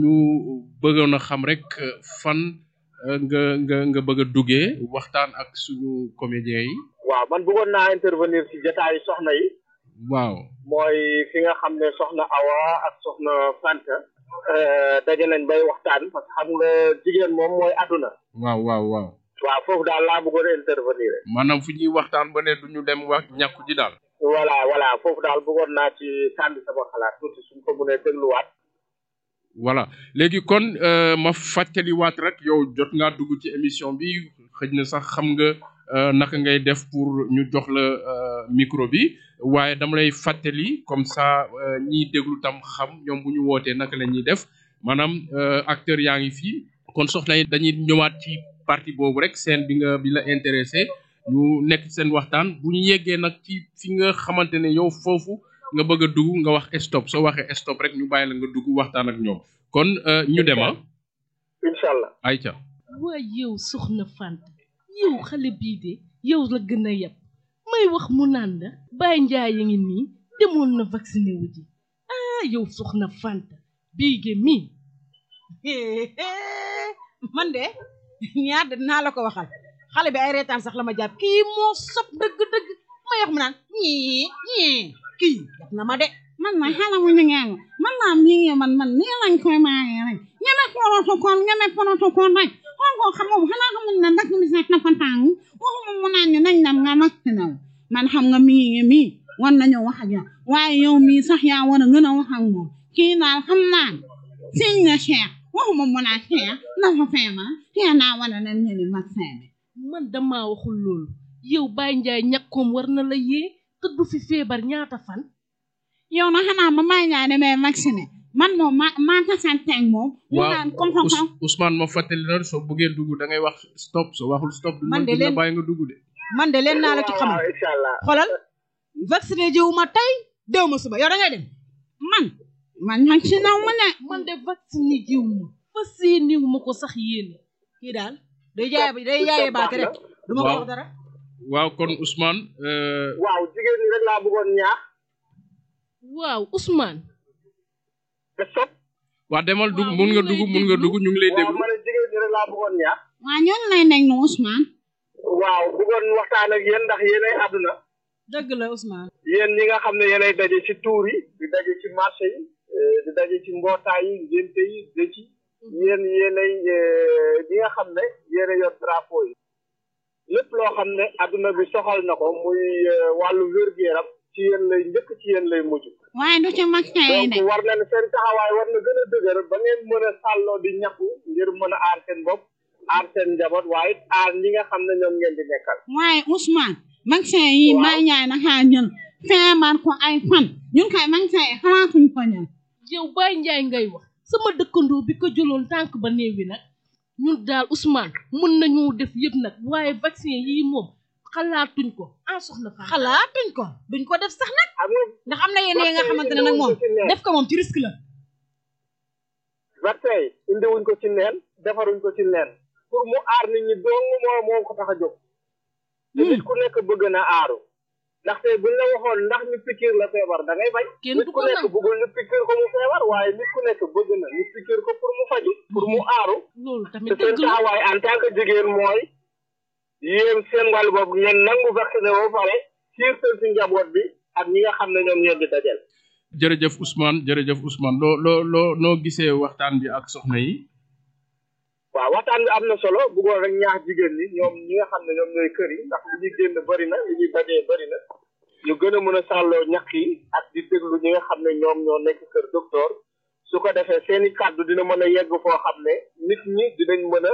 ñu bëggoon a xam rek fan nga nga nga bëgg a duggee waxtaan ak suñu comédiens yi. waaw man bëggoon naa intervenir ci jotaayu soxna yi. waaw mooy fi nga xam ne soxna Awa ak soxna Fanta. Euh, daje nañ bay waxtaan parce que xam nga jigéen moom mooy àdduna. waaw waaw waaw. waaw daal laa bëggoon a intervenir. maanaam fu ñuy waxtaan ba ne du ñu dem wax ñàkku ji daal. voilà voilà foofu daal bëggoon naa ci sànni sama xalaat tuuti suñ ko mënee dégluwaat. voilà léegi kon euh, ma fàttaliwaat rek yow jot ngaa dugg ci émission bi xëj na sax xam nga. Euh, naka ngay def pour ñu jox la euh, micro bi waaye dama lay fàttali comme ça euh, ñiy déglu tam xam ñoom bu ñu wootee naka la ñuy def maanaam acteur yaa ngi fii kon soxna yi dañuy ñëwaat ci partie boobu rek seen bi nga bi la intéressé ñu nekk seen waxtaan bu ñu yeggee nag ci fi nga xamante ne yow foofu nga bëgg a dugg nga wax stop soo waxee stop rek ñu bàyyi la nga dugg waxtaan ak ñoom kon ñu dema ah. incha allah ayca waa yow soxna yow xale bii de yow la gën a yab may wax mu naan la Baye Ndiaye a ngi nii demoon na vacciné wu ji ah yow na Fanta bii ge mii [LAUGHS] man de ñaar de naa la ko waxal xale bi ay reetaan sax la ma jàpp kii moo sob dëgg-dëgg may wax mu naan ñii ñii kii na ma de man na xala mu ñu ngeen man naa am man man nii lañ koy maayee rek ñeme protocole ñeme protocole rek kooku xam nga xanaa xamul na ndax mi sax na kontaan waxuma mu naan ñu nañ nga mag na man xam nga mii mii war nañoo wax ak yow waaye yow mii sax yaa war a gën a wax ak moom kii daal xam naa siñ na Cheikh waxuma mu naan Cheikh dafa feebar Cheikh naa war a ma jëli vaccin bi. man dama waxul loolu yow Baye Ndiaye ñàkkoom war na la yee tëdd feebar ñaata fan. yow na xanaa ba Baye Ndiaye demee vacciné man moom ma maa ngi sant ak moom. ñu naan comme xam-xam Ousmane ma fàttali na soo bëggee dugg da ngay wax stop soo waxul stop. man de leen bàyyi nga dugg de. man de leen naa la ci xamal xoolal. vacciné jiwu ma tey déw ma suba yow da ngay dem man. man man ci naw ma ne. man de vacciné jiwu ma. vacciné wu ma ko sax yéene. kii daal day jaay day jaayee baate rek. du ma ko dara. waaw kon Ousmane. Euh, waaw jigéen ñi laa bëggoon ñaax. waa demal dugg mun nga dugg mun nga dugg ñu ngi lay déglu. waaw man jigéen ñi rek laa bëggoon ñaax. waaw ñoom lay nekk nu Ousmane. waaw bëggoon waxtaan ak yéen ndax yéenay àdduna. dëgg la Ousmane. yéen nga xam ne yéenay daje ci tuur yi di daje marché yi eh, di ci mbootaay yi ngénte yi dëkk yi. Mm-hmm. Eh, nga xam ne yéenay yor drapeau yi. lépp loo xam ne àdduna bi soxal na ko muy eh, wàllu wér-gu-yaram. ci yéen lay njëkk ci yéen lay mujj. waaye du ci mag yi de. war nañ seen taxawaay war na gën a dëgër ba ngeen mën a sàlloo di ñàkku ngir mën a aar seen bopp aar seen njaboot waaye aar ñi nga xam ne ñoom di nekkal. waaye Ousmane. mag yi maa ñaay na xaa ñël. feebar ko ay fan. ñun kay mag yi xalaatuñ ko ñël. yow Baye ngay wax sama dëkkandoo bi ko jëloon tànk ba néewi nag ñun daal Ousmane mën nañu def yëpp nag waaye vaccin yii moom. xalaatuñ ko ah soxna Fatou xalaatuñ ko duñ ko def sax nag ndax am na yenn yi nga xamante ne nag moom def ko moom ci risque la vaccin yi indiwuñ ko ci neen defaruñ ko ci neen pour mu aar nit ñi dong moo moo ko tax a jóg hmm. nit ku nekk bëgg na aaru ndax tey buñ la waxoon ndax ñu pikiir la feebar da ngay bañ nit ku nekk bëggul ñu pikiir ko mu feebar waaye nekk ñu pikiir ko pour mu faju pour mu hmm. aaru tamit te seen taxawaay en tant que jigéen mooy yéen seen wàll boobu ngeen nangu vacciné ba pare surtout si njaboot bi ak ñi nga xam ne ñoom ñoo di dajal. jërëjëf Ousmane jërëjëf Ousmane loo loo loo noo gisee waxtaan bi ak soxna yi. waa waxtaan bi am na solo bëggoon rek ñaax jigéen ñi ñoom ñi nga xam ne ñoom ñooy kër yi ndax li ñuy génn bëri na li ñuy dajee bëri ñu gën a mën a sàlloo ñaq yi ak di déglu ñi nga xam ne ñoom ñoo nekk kër docteur su ko defee seen i kàddu dina mën a yegg foo xam ne nit ñi dinañ mën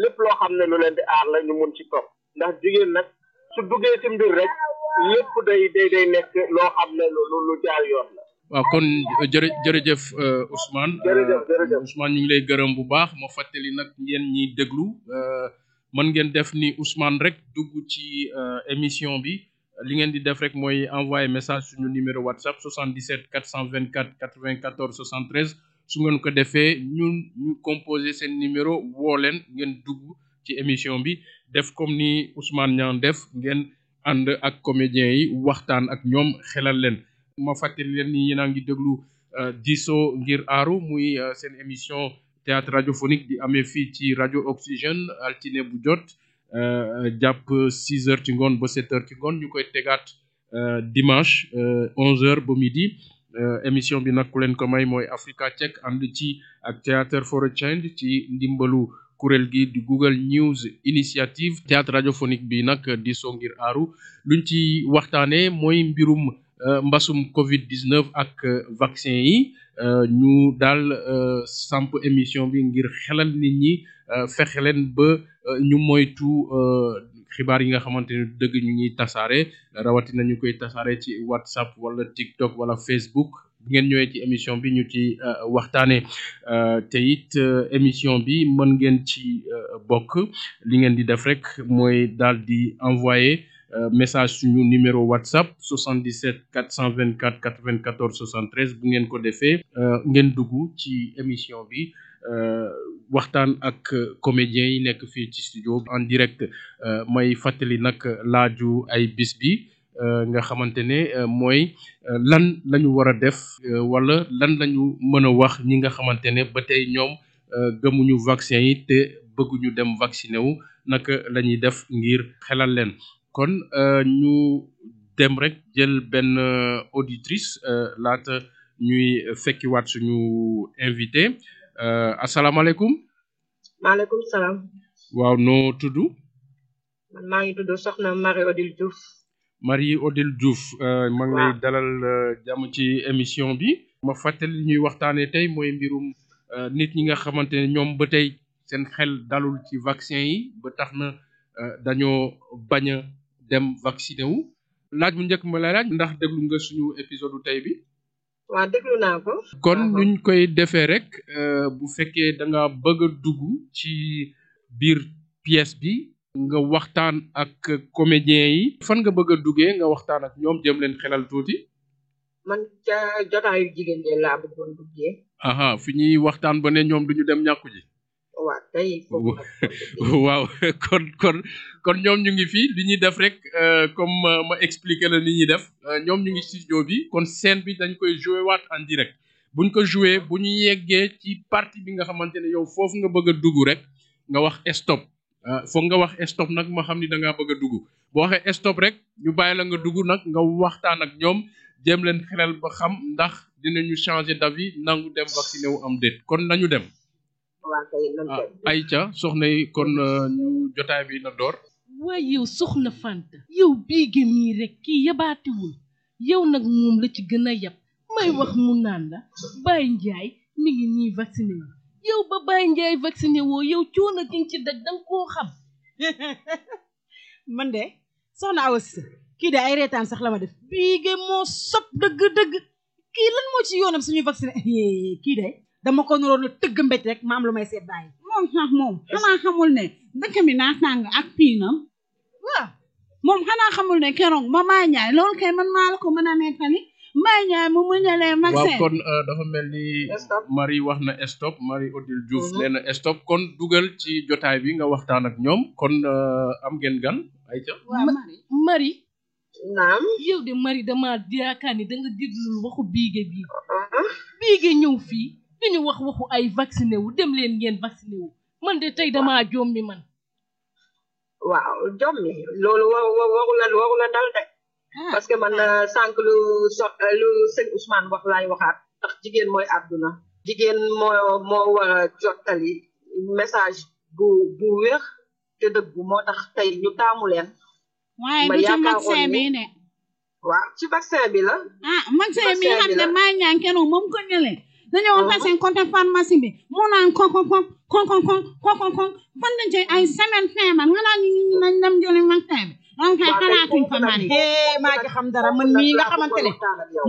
lépp loo xam ne lu leen di aar la ñu mun ci topp ndax jigéen nag su duggee ci rek lépp day day nekk loo xam ne lu lu jaar yoon la. kon jërë jërëjëf euh, Ousmane. jërëjëf euh, jërëjëf Ousmane ñu ngi lay gërëm bu baax moo fàttali nag yéen ñi déglu euh, man ngeen def ni Ousmane rek dugg ci émission bi li ngeen di def rek mooy envoyé message suñu numéro WhatsApp 77 424 94 73. su ngeen ko defee ñun ñu composé seen numéro woo ngeen dugg ci émission bi def comme ni Ousmane Niang def ngeen ànd ak comédiens yi waxtaan ak ñoom xelal leen ma fàttali leen ni yéen a ngi déglu euh, diisoo ngir aaru muy euh, seen émission théâtre radiophonique di amee fii ci rajo Oxygène altine bu jot euh, jàpp 6 heures ci ngoon ba 7 heures ci ngoon ñu koy tegaat dimanche 11 heures ba midi Euh, émission bi nag ku leen ko mooy Africa Check ànd ci ak Theatre for a Change ci ndimbalu kuréel gi di Google News Initiative théâtre radiophonique bi nag di soo ngir aaru luñ ci waxtaanee mooy mbirum euh, mbasum Covid 19 ak euh, vaccin yi ñu daal samp émission bi ngir xelal ni ñi fexe leen ba ñu moytu xibaar yi nga xamante ni dëgg ñu ñuy tasaare rawatina ñu koy tasaare ci whatsapp wala tiktok wala facebook bu ngeen ñëwee ci émission bi ñu ci euh, waxtaane euh, te it euh, émission bi mën ngeen ci bokk li ngeen di def rek mooy daal di envoyé message suñu numéro whatsapp 77 424 94 73 bu ngeen ko defee ngeen dugg ci émission bi Euh, waxtaan ak comédiens yi nekk fii ci studio en direct euh, may fàttali nag laaju ay bis bi euh, nga xamante ne mooy lan lañu ñu war a def wala lan la ñu mën a wax ñi nga xamante ne ba tey ñoom gëmuñu vaccin yi te bëgguñu dem vacciné wu naka la def ngir xelal leen kon ñu dem rek jël benn auditrice laata ñuy fekkiwaat suñu invité Euh, asalaamaaleykum. waaw noo tudd. man maa ngi tudd Soxna Marie Odile Diouf. Marie Odile euh, ma ngi dalal euh, jàmm ci émission bi. ma fàttali li ñuy waxtaanee tey mooy mbirum nit ñi nga xamante ne ñoom ba tey seen xel dalul ci vaccin yi ba tax na dañoo bañ a dem vacciné wu. laaj mu njëkk ma lay laaj ndax déglu nga suñu épisode tey bi. waa déglu naa ko. kon nuñ koy defee rek euh, bu fekkee danga nga bëgg dugg ci biir pièce bi. nga waxtaan ak comédien yi. fan nga bëgg duggee nga waxtaan ak ñoom jëm leen xelal tuuti. man ca jotaayu jigéen ñi laa bëggoon duggee. aha fi ñuy waxtaan ba ne ñoom ñu dem ñàkku ji. ko waaw kon kon ñoom ñu ngi fii li ñuy def rek euh, comme ma expliqué la li ñuy def euh, ñoom ñu ngi studio bi kon scène bi dañ koy joué waat en direct buñ ko joué bu ñu yeggee ci partie bi nga xamante ne yow foofu nga bëgg a dugg rek nga wax stop euh, foog nga wax stop nag ma xam ni da ngaa bëgg a dugg boo stop rek ñu bàyyi la nga dugg nag nga waxtaan ak ñoom jéem leen xelal ba xam ndax dinañu changer d'avis nangu dem vacciné wu am déet kon nañu dem. ah ca soxna yi kon euh, ñu jotaay bi na door. waaye yow soxna Fanta. yow béykat mii rek kii yabaatiwul yow nag moom la ci gën a yab may wax mu naan la Baye Ndiaye mi ngi nii vacciné wu yow ba Baye Ndiaye vacciné woo yow coono ki nga ci daj danga koo xam. [LAUGHS] man de soxna Awa kii de ay reetaan sax la ma def. béykat moo sob dëgg-dëgg kii lan moo ci yoonam suñu vacciné [LAUGHS] kii de. dama ko naroon a tëgg mbéj rek maam lu may seet moom sax xamul ne dëkk bi naa sàng ak piinam waaw moom xanaa xamul ne keroog ma maa ñaay loolu kay man maa la ko mën euh, dafa mel ni Marie wax na stop Marie Odile mhm. kon dugal ci jotaay bi nga waxtaan ak ñoom kon euh, am ngeen gan yow de Marie dama yaakaar ni da nga déglu waxu biige bii uh-huh. biige ñëw fii di ñu wax waxu ay vacciné wu dem leen ngeen vacciné wu man de tey damaa jommi man. waaw jommi loolu waru la dal de. Ah, parce que man ah. euh, sànq lu so lu sëñ Ousmane wax laay waxaat ndax jigéen mooy àdduna. jigéen moo moo war a jottali message bu bu wér te dëggu moo tax tey ñu taamu leen. waaye du ci vaccin bi ne. waaw ci vaccin bi la. ah vaccin bi xam ne maa ñaan kenn moom ko ñële. dañoo wax passé côté pharmacie bi mu naan koko kok koko kok koko kok fan lañ cay ay semaine feebar nga naan ñu ñu nañ dem jëli vaccin bi donc kay xalaatuñ ko man maa ci xam dara man mii nga xamante ne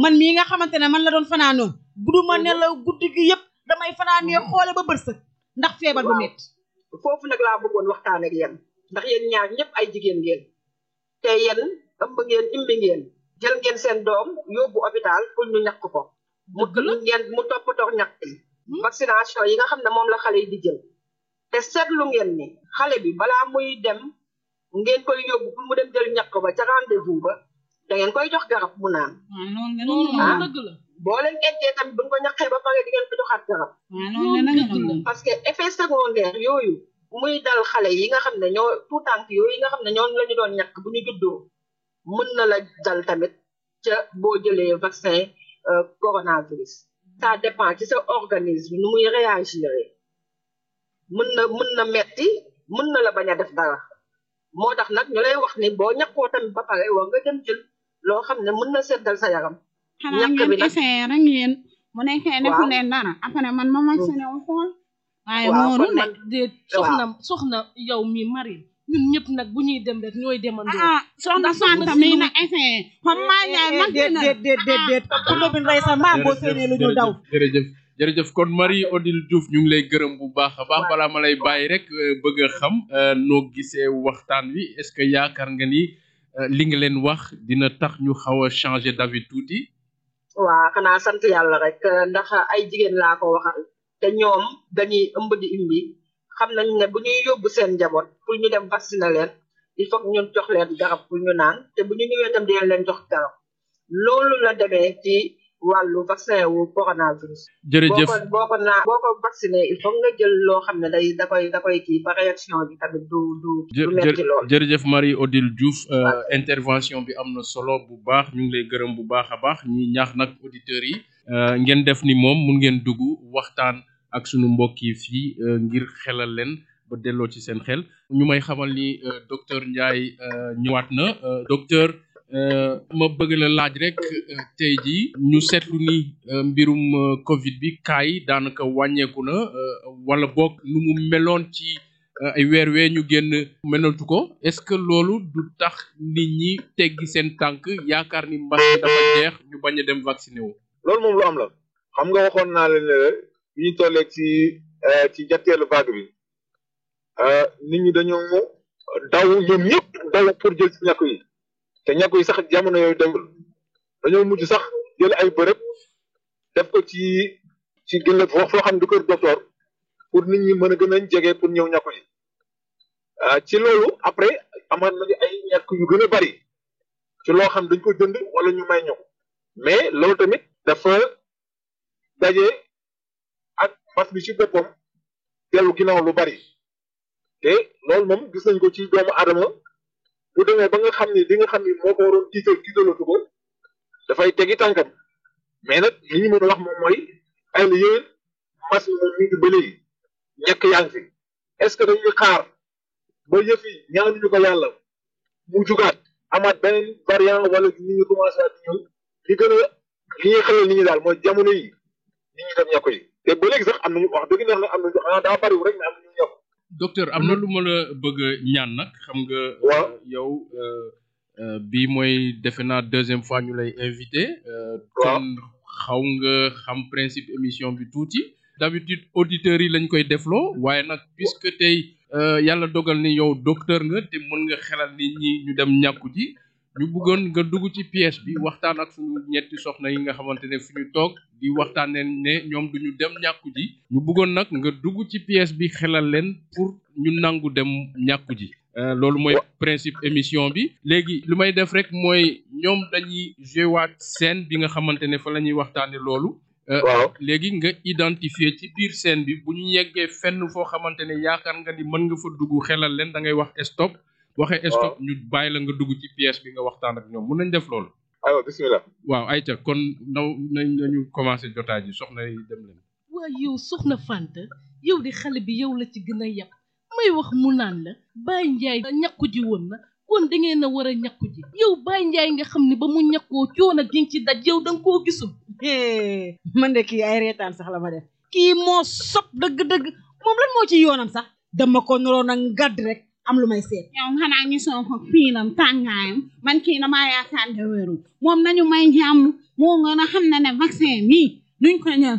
man mii nga xamante ne man la doon fanaanoon bu du ma nelaw guddi gi yëpp damay fanaanee uh-huh. xoole ba bërsëg ndax feebar bu métti foofu nag laa bëggoon waxtaan ak yéen ndax yéen ñaar ñëpp ay jigéen ngeen te yéen ëmb ngeen imbi ngeen jël ngeen seen doom yóbbu hôpital pour ñu ñàkk ko mu ngeen mu toppatoo ñàkk bi hmm? vaccination yi nga xam ne moom la xale yi di jël te seetlu ngeen ni xale bi balaa muy dem ngeen koy yóbbu mu dem jël ko ba ca rendez-vous ba da ngeen koy jox garab mu naan ah? boo leen eggee tamit bu ko ñàkkee ba pare parce que effet secondaire yooyu muy dal xale yi nga xam ne ñoo tout tànk yooyu yi nga xam ne ñoom la ñu doon ñàkk bu ñu juddoo mën na la dal tamit ca boo jëlee vaccin Euh, coronavirus ça dépend ci sa organisme nu muy réagir mën na mën na metti mën na la bañ a def dara moo tax nag ñu lay wax ni boo ñàkkoo tamit ba nga jël loo xam ne mën na seddal sa yaram. ñàkk bi nag xanaa ngeen essayé rek ngeen. mu nekkee defu leen dara après man ma mën mm. si ne wu xool. waaye moonu nag de soxna soxna yow mi mari ñun ñëpp nag bu ñuy dem rek ñooy demandoo. ah, ah soxna Fanta mi na essayé. bi rey sa daw. jërëjëf jërëjëf kon Marie Odile Diouf ñu ngi lay gërëm bu baax a baax balaa ma lay bàyyi rek eh, bëgg a xam eh, noo gisee waxtaan wi est-ce que yaakaar nga ni eh, li nga leen wax dina tax ñu xaw a changer d'avis tuuti. waaw xanaa sant yàlla rek ndax ay jigéen laa ko waxal te ñoom dañuy ëmb imbi. xam nañ ne bu ñuy yóbbu seen njaboot pour ñu dem vacciner leen il faut ñun jox leen garab pour ñu naan te bu ñu ñëwee itam dinañ leen jox garab loolu la demee wàllu vaccin wu coronavirus. jërëjëf boo ko boo loo xam ne day da koy kii ba réaction bi tamit du du. du metti lool jërëjëf Marie Odile Diouf. Euh, intervention bi am na solo bu baax ñu ngi lay gërëm bu baax a baax ñi ñaax nag auditeurs yi. Euh, ngeen def ni moom mun ngeen dugg waxtaan. ak sunu mbokk yi fii euh, ngir xelal leen ba delloo ci seen xel ñu may xamal ni euh, docteur Ndiaye euh, ñëwaat na docteur ma bëgg la laaj rek tey jii ñu seetlu ni mbirum Covid bi kaay daanaka wàññeeku na wala boog nu mu meloon ci ay weer wee ñu génn melatu ko est-ce que loolu du tax nit ñi teggi seen tànk yaakaar ni mbas mi dafa jeex ñu bañ a dem vacciné wu. loolu moom lu am la xam nga waxoon naa leen ne bi ñu tollee ci euh, ci ñetteelu vague bi euh, nit ñi dañoo daw ñoom ñëpp daw pour jël ci ñàkk yi te ñàkk yi sax jamono yooyu demul dañoo mujj sax jël ay bërëb def ko ci ci gën a foo xam ne du kër docteur pour nit ñi mën a gën a jege pour ñëw ñàkk yi euh, ci loolu après amoon nañu ay ñàkk yu gën a bari ci loo xam dañ ko dënd wala ñu may ñëw mais loolu tamit dafa daje. mbas mi ci boppam dellu ginnaaw lu bari te loolu moom gis nañ ko ci doomu aadama bu demee ba nga xam ni li nga xam ni moo ko waroon tiital ko dafay tegi tànkam mais nag li ñu mën wax moom mooy ay la yéen mbas mi moom mi ngi ba léegi ñàkk yaa fi est-ce que dañuy xaar ba yëf yi ñaanuñu ko yàlla mu jugaat amaat beneen variant wala nit ñi commencé at ñëw li gën a li ñuy xelal nit ñi daal mooy jamono yi nit ñi dem ñàkk yi. te ba am na am nañu xanaa docteur am na hmm. lu ma a bëgg ñaan nag xam nga. waaw euh, yow euh, euh, bii mooy defe naa deuxième fois ñu lay invité. kon xaw nga xam principe émission bi tuuti. d'habitude auditeurs yi lañ koy defloo waaye nag puisque tey yàlla dogal ni yow docteur nga te mën nga xelal nit ñi ñu dem ñàkku ji. ñu bëggoon nga dugg ci pièce bi waxtaan ak suñu ñetti soxna yi nga xamante ne fi ñu toog di waxtaanee ne ñoom du ñu dem ñàkku ji ñu buggoon nag nga dugg ci pièce bi xelal leen pour ñu nangu dem ñàkku ji euh, loolu mooy principe émission bi léegi lu may def rek mooy ñoom dañuy jewaat scène bi nga xamante ne fa la ñuy waxtaane loolu euh, waaw léegi nga identifier ci biir scène bi bu ñu yeggee fenn foo xamante ne yaakaar nga ni mën nga fa dugg xelal leen da ngay wax stop waxee stop ñu bàyyi la nga dugg ci pièce bi nga waxtaan ak ñoom mun nañ def loolu. aywa bisimilah. waaw ayca kon ndaw nañ nañu commencé jotaay ji soxna yi dem leen. waa yow soxna Fanta yow di xale bi yow la ci gën a yàq may wax mu naan la Baye Ndiaye ñàkku ji woon na kon da ngeen a war a ñàkku ji yow Baye Ndiaye nga xam ne ba mu ñàkkoo coono gi ci daj yow danga nga koo gisul. man de kii ay reetaan sax la ma def. kii moo sob dëgg-dëgg moom lan moo ci yoonam sax. dama ko noroon a ngàdd rek. am lu may seet xanaa gisoo ko fiinam tàngaayam man kii damaa nañu may jàmm moo gën a xam ne ne vaccin bi duñ ko ñël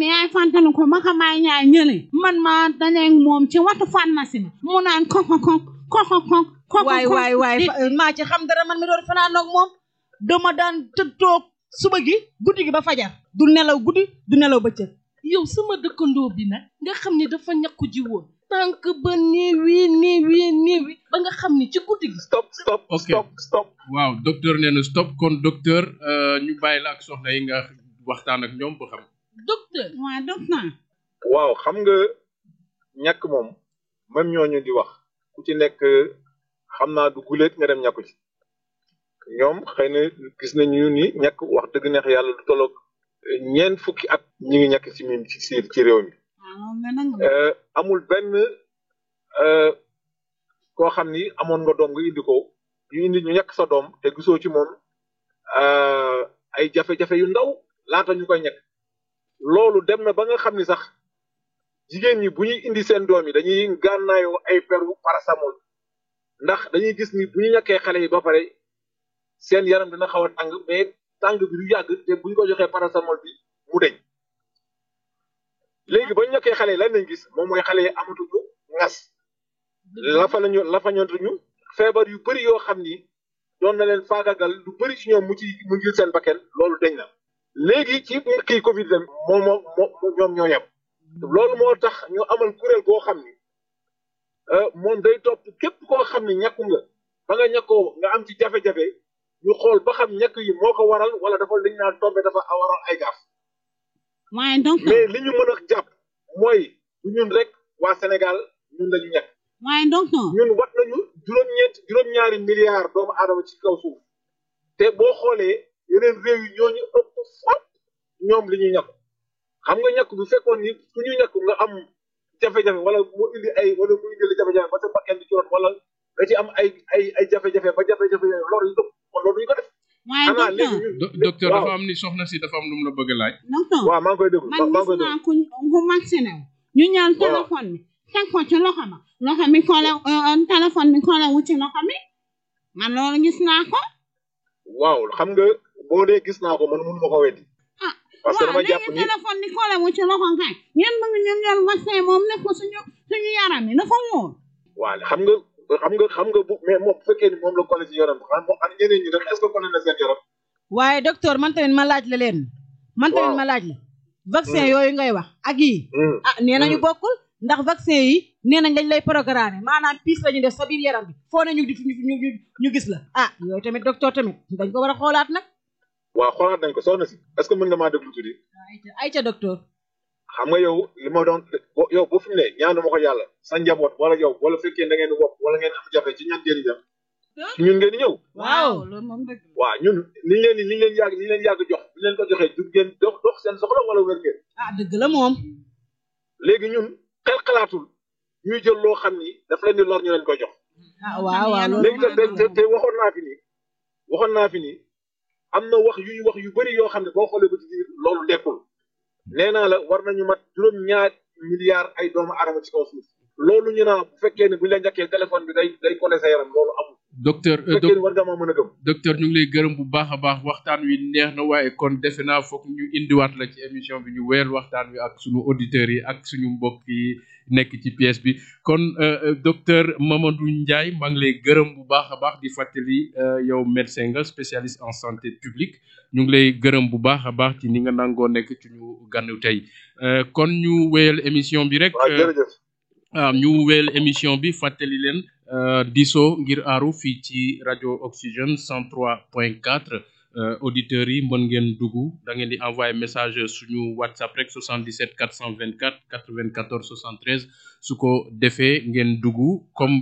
bi yaay ko maka maay ñaay ñële man ma dañee moom ci watu pharmacie ma mu naan kokokok kokokok kokokok waay waay waay maa ci xam dara man mi doon fanaan ak moom dama daan tëddoog suba gi guddi gi ba fajar du nelaw guddi du nelaw bëccëg yow sama dëkkandoo bi nag nga xam ni dafa ñakku ji woon tànk ba néewi néewi néewi ba nga xam ni ci guddi gi. stop stop stop stop. waaw docteur nee stop kon docteur euh, ñu bàyyi la ak soxna yi nga waxtaan ak ñoom ba xam. docteur waaw xam nga ñàkk moom même ñooñu di wax ku ci nekk xam naa du guleet nga dem ñàkku ci ñoom xëy na gis nañu ni ñàkk wax dëgg neex yàlla du tolloog ñeent fukki at ñi ngi ñàkk ci ci ci réew mi. Euh, amul benn euh, koo xam ni amoon nga doom nga indi ko ñu indi ñu ñàkk sa doom te gisoo ci moom euh, ay jafe-jafe yu ndaw laata ñu koy ñàkk loolu dem na ba nga xam ni sax jigéen ñi bu ñuy indi seen doom yi dañuy gànnaayoo ay peru parasamol ndax dañuy gis ni bu ñu ñàkkee xale yi ba pare seen yaram dana xaw a tàng mais tàng bi du yàgg te bu ko joxee parasamol bi mu deñ léegi ba ñu nekkee xale yi lan lañ gis moom mooy xale yi amatuñu ngas lafa lañu lafa feebar yu bari yoo xam ni doon na leen faagagal lu bëri ci ñoom mu ci seen bakkan loolu dañ na léegi ci biir kii Covid dem moom moo ñoom ñoo yem moo tax ñu amal kuréel goo xam ni euh, moom day topp képp koo xam ni ñàkku nga ba nga ñàkkoo nga am ci jafe-jafe ñu xool ba xam ñàkk yi moo ko waral wala dafa liñ naan tombé dafa waral ay gaaf waaye donc mais li ñu mën a jàpp mooy du ñun rek waa Sénégal ñun la ñu ñàkk. waaye donc ñun wat nañu juróom-ñeent juróom-ñaari milliards doomu aadama ci kaw suuf te boo xoolee yeneen réew yi ñoo ñu ñoom li ñuy ñàkk xam nga ñàkk bu fekkoon ni su ñu ñàkk nga am jafe-jafe wala mu indi ay wala mu indi jafe-jafe ba sa bakkan di ci wala nga ci am ay ay ay jafe-jafe jafe-jafe yooyu loolu ñu ko def. waaye docteur docteur dafa am ni soxna si dafa am lu la bëgg a laaj. koy déglu man gis naa ku ku vacciné wu. ñu ñaan téléphone bi teg ko ci loxo ma loxo mi collé euh, euh, téléphone bi collé wu ci loxo mi man loolu gis naa ko. waaw xam nga boo dee gis naa ko man mënu ma ko weddi. Ah, parce que dama jàpp ni téléphone bi collé wu ci loxo kay ñeen bëgg ñun yor vaccin moom nekk ko suñu yaram yi dafa wóor. waaw xam nga. Euh, xam nga xam nga bu mais moom bu fekkee ni moom la collé ci yaram xam moom ak ñeneen ñi rek est waaye docteur man tamit ma laaj la leen. man tamit ma laaj la. Hmm. vaccin yooyu ngay wax ak yii. Hmm. ah nee nañu hmm. bokkul ndax vaccin yi nee nañ dañ lay programmer maanaam piis lañu def sa biir yaram bi foo ne ñu ñu ñu gis la. ah yooyu tamit docteur tamit dañ ko war xoolaat nag. waa xoolaat nañ ko soxna si est ce que mën nga maa déglu tuuti. ayca ayca docteur. xam nga yow li ma doon yow bu fi mu ne ñaanu ma ko yàlla sa njaboot wala yow wala fekkee da ngeen di wopp wala ngeen am jafe ci ñan ngeen di dem ñun ngeen di ñëw. waaw loolu moom dëgg waaw ñun liñ leen liñ leen yàgg liñ leen yàgg jox bu leen ko joxee jug ngeen dox dox seen soxla wala wér ngeen. ah dëgg la moom. léegi ñun xel xalaatul ñuy jël loo xam ni daf leen di lor ñu leen ko jox. ah waaw waaw loolu léegi te te waxoon naa fi ni am na wax yu ñu wax yu bari yoo xam ne boo xoolee ba ci biir loolu lekkul nee naa la war nañu mat juróom-ñaar milliards ay doomu aadama ci kaw loolu ñu naan bu fekkee ne bu ñu la njëkkee bi day day kone loolu amul. docteur fekkee docteur ñu ngi lay gërëm bu baax a baax waxtaan wi neex na waaye kon defe naa foog ñu indiwaat la ci émission bi ñu wéyal waxtaan wi ak suñu auditeurs yi ak suñu mbokk yi nekk ci pièce bi kon euh, euh, docteur Mamadou Ndiaye maa ngi lay gërëm bu baax a baax di fàttali euh, yow médecin nga spécialiste en santé publique ñu ngi lay gërëm bu baax a baax ci ni nga nangoo nekk ci ñu ganu tey kon ñu wéyal émission bi rek. ñu euh, wéyal émission bi fàttali leen euh, disso ngir aaru fii ci rajo point 103.4 euh, auditeurs yi mën ngeen dugg da ngeen di envoyer message suñu WhatsApp rek 77 424 94 73 su ko defee ngeen dugg comme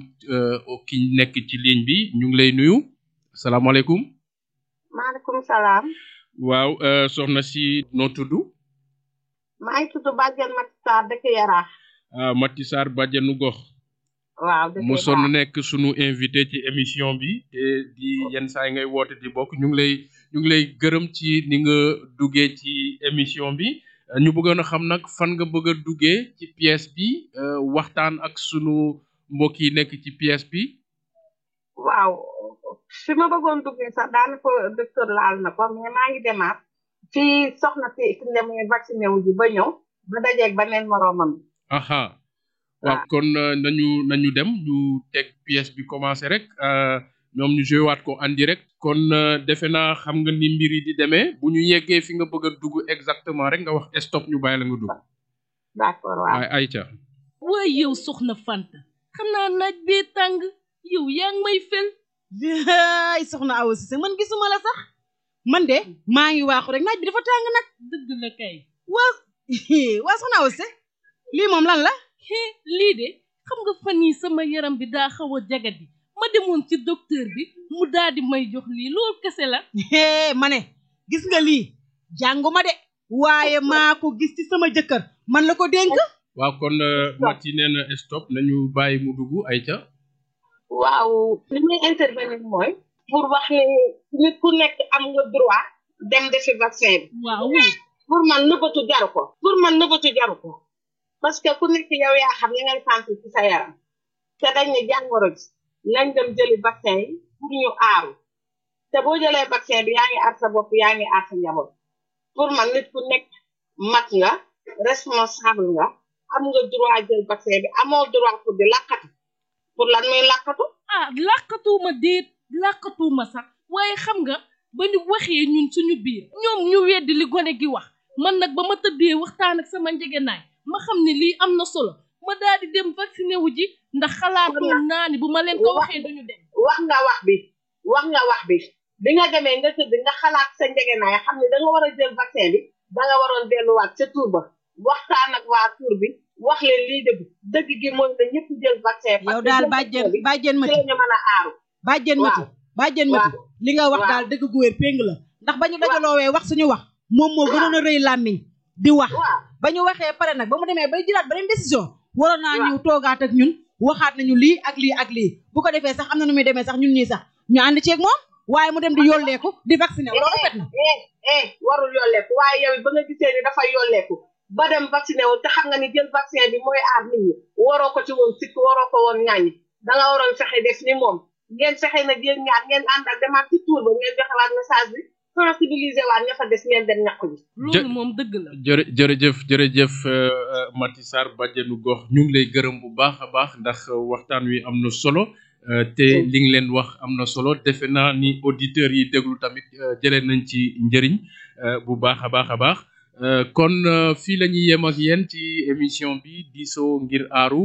ki nekk ci ligne bi ñu ngi lay nuyu salaamaaleykum. maaleykum waaw soxna si noo tudd. maa ngi tudd Badiane Matisar dëkk Yaraax. Euh, Maty Sarr bàjjenu gox. waaw mu sonn nekk sunu invité ci émission bi te di yenn saa yi ngay woote di bokk ñu ngi lay ñu ngi lay gërëm ci ni nga duggee ci émission bi euh, ñu bëggoon a xam nag fan nga bëgg duggee ci pièce bi euh, waxtaan ak sunu mbokk yi nekk ci pièce bi. waaw fi ma laal na ko mais maa ngi fi soxna fi mu ne muy vacciné ba ñëw ba dajeeg beneen aha waaw kon euh, nañu nañu dem ñu teg pièce bi commencé rek euh, ñoom ñu joué waat ko en direct kon euh, defe naa xam nga ni mbir di demee bu ñu yeggee fi nga bëgg a dugg exactement rek nga wax stop ñu bàyyi la nga dugg. d'accord waaw ay ayca. may fel. ay soxna Awa man gisuma la sax. man de maa ngi waaxu rek naaj bi dafa tàng nag. dëgg la kay. waa [LAUGHS] soxna Awa lii moom lan la. lii de xam nga fan yii sama yaram bi daa xaw a jagat bi ma demoon ci docteur bi mu daal may jox lii loolu kese la. ma ne gis nga lii jàngu ma de waaye maa ko gis ci sama jëkkër man la ko denk waaw kon euh, Mati nee na stop nañu bàyyi mu dugg Aïcha. waaw li may intervenir mooy. pour wax ne nit ku nekk am nga droit dem defi vaccin bi. waaw pour man nëbëtu jaru ko. pour man nëbëtu jaru ko. parce que ku nekk yow yaa xam ya ngay sant ci sa yaram te dañ ne jàngoro ji nañ dem jëli vaccin yi pour ñu aaru te boo jëlee vaccin bi yaa ngi aar sa bopp yaa ngi aar sa njaboot pour man nit ku nekk mat nga responsable nga am nga droit jël vaccin bi amoo droit pour di làkkatu pour lan muy làkkatu ah làkkatuuma déet làkkatuuma sax waaye xam nga ba ñu waxee ñun suñu biir ñoom ñu weddi li gone gi wax man nag ba ma tëddee waxtaan ak sama njëgënaay ma xam ne lii am na solo ma daal di dem vacciné wu ji ndax xalaatoon naa ni bu ma leen ko waxee duñu dem. wax nga wax bi wax nga wax bi bi nga demee nga tëdd nga xalaat sa njegenaay xam ne da war a jël vaccin bi da nga waroon delluwaat ca tur ba waxtaan ak waa tur bi wax leen lii dëgg dëgg gi mooy na ñëpp jël vaccin. yow daal bàjjen bàjjen mati ñu a aaru. bàjjen mati bàjjen mati li nga wax daal dëgg gu wér péng la ndax ba ñu dajaloowee wax suñu wax moom moo gënoon a na rëy làmmiñ di wax ba ñu waxee pare nag ba mu demee bay jëlaat beneen décision waroon naa ñëw toogaat ak ñun waxaat nañu lii ak lii ak lii bu ko defee sax am na nu muy demee sax ñun ñii sax ñu ànd ceeg moom waaye mu dem di yolleeku di vacciné wu loolu fet na eh, eh, eh, warul yolleeku waaye ba nga gisee ni dafay ba dem vacciné wu te xam nga ni jël vaccin bi mooy aar nit ñi waroo ko ci woon sikk waroo ko woon ñaañi da nga waroon fexe def ni moom ngeen fexe na jël ñaar ngeen ànd ak demaat ci tuur ba ngeen joxewaat message bi sensibiliser moom dëgg la. jërëjëf jërëjëf euh, euh, Mati Sarr bàjjenu gox ñu ngi lay gërëm bu baax a baax ndax waxtaan wi am na solo euh, te mm. li nga leen wax am na solo defe naa ni auditeurs yi déglu tamit jëlee nañ ci njëriñ bu baax a baax a baax kon fii la ñuy yem yéen ci émission bi diisoo ngir aaru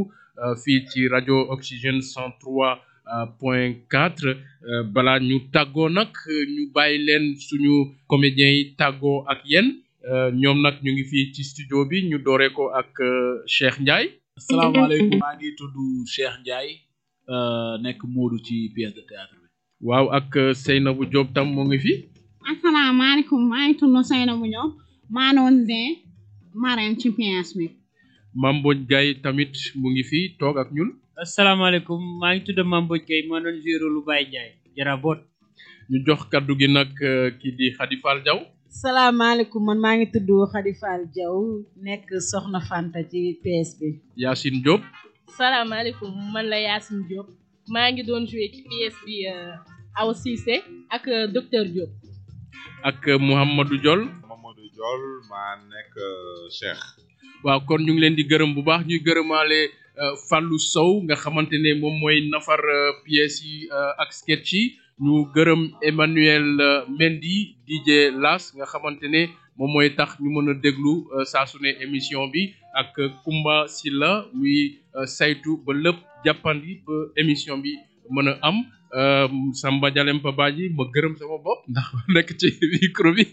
fii ci rajo Oxygène 103. point quatre euh, balaa ñu tàggoo nag ñu bàyyi leen suñu comédiens yi tàggoo ak yéen euh, ñoom nag ñu ngi fii ci studio bi ñu dooree ko ak euh, Cheikh Ndiaye. asalaamaaleykum maa ngi tudd Cheikh Ndiaye nekk Moodu ci pièce de théâtre bi. waaw fi. asalaamaaleykum maa ngi tudd Seynabou ci pièce bi. Mame Mbodj Gaye tamit mu ngi fi toog ak ñun. asalaamaaleykum maa ngi tudd Mame Mbodj ma doon joué lu Baye Ndiaye jaraboot ñu jox kaddu gi nag euh, kii di Khady jaw Diaw salaamaaleykum man maa ngi tudd Khady Fall Diaw nekk soxna Fanta ci PS bi Yacine Diop salaamaaleykum man la Yacine Diop maa ngi doon joué ci PS bi euh, Aw Cissé ak euh, docteur Diop ak Mouhamadou Diol maa nekk Cheikh waaw kon ñu leen di gërëm bu baax ñuy gërëmaale Euh, Fallou Sow nga xamante ne moom mooy nafar euh, pièces yi euh, ak sketch yi ñu gërëm Emmanuel Mendy DJ Las nga xamante ne moom mooy tax ñu mën a déglu saa su émission bi ak Kumba sila muy saytu ba lépp jàppandi ba émission bi mën a am Euh, Samba Jalempa Badji ma gërëm sama bopp ndax ma nekk ci [LAUGHS] micro ñu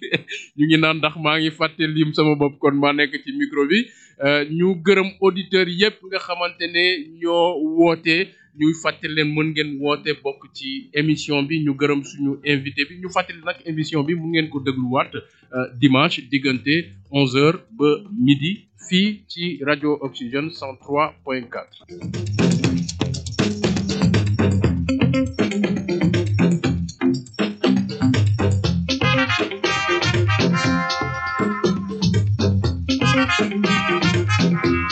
ngi naan ndax maa ngi fàtte lim sama bopp kon maa nekk ci micro bi euh, ñu gërëm auditeurs yépp nga xamante ne ñoo woote ñuy fàttali leen mën ngeen woote bokk ci émission bi ñu gërëm suñu invité bi ñu fàttali nag émission bi mun ngeen ko dégluwaat euh, dimanche diggante 11h ba midi fii ci rajo Oxygène 103.4.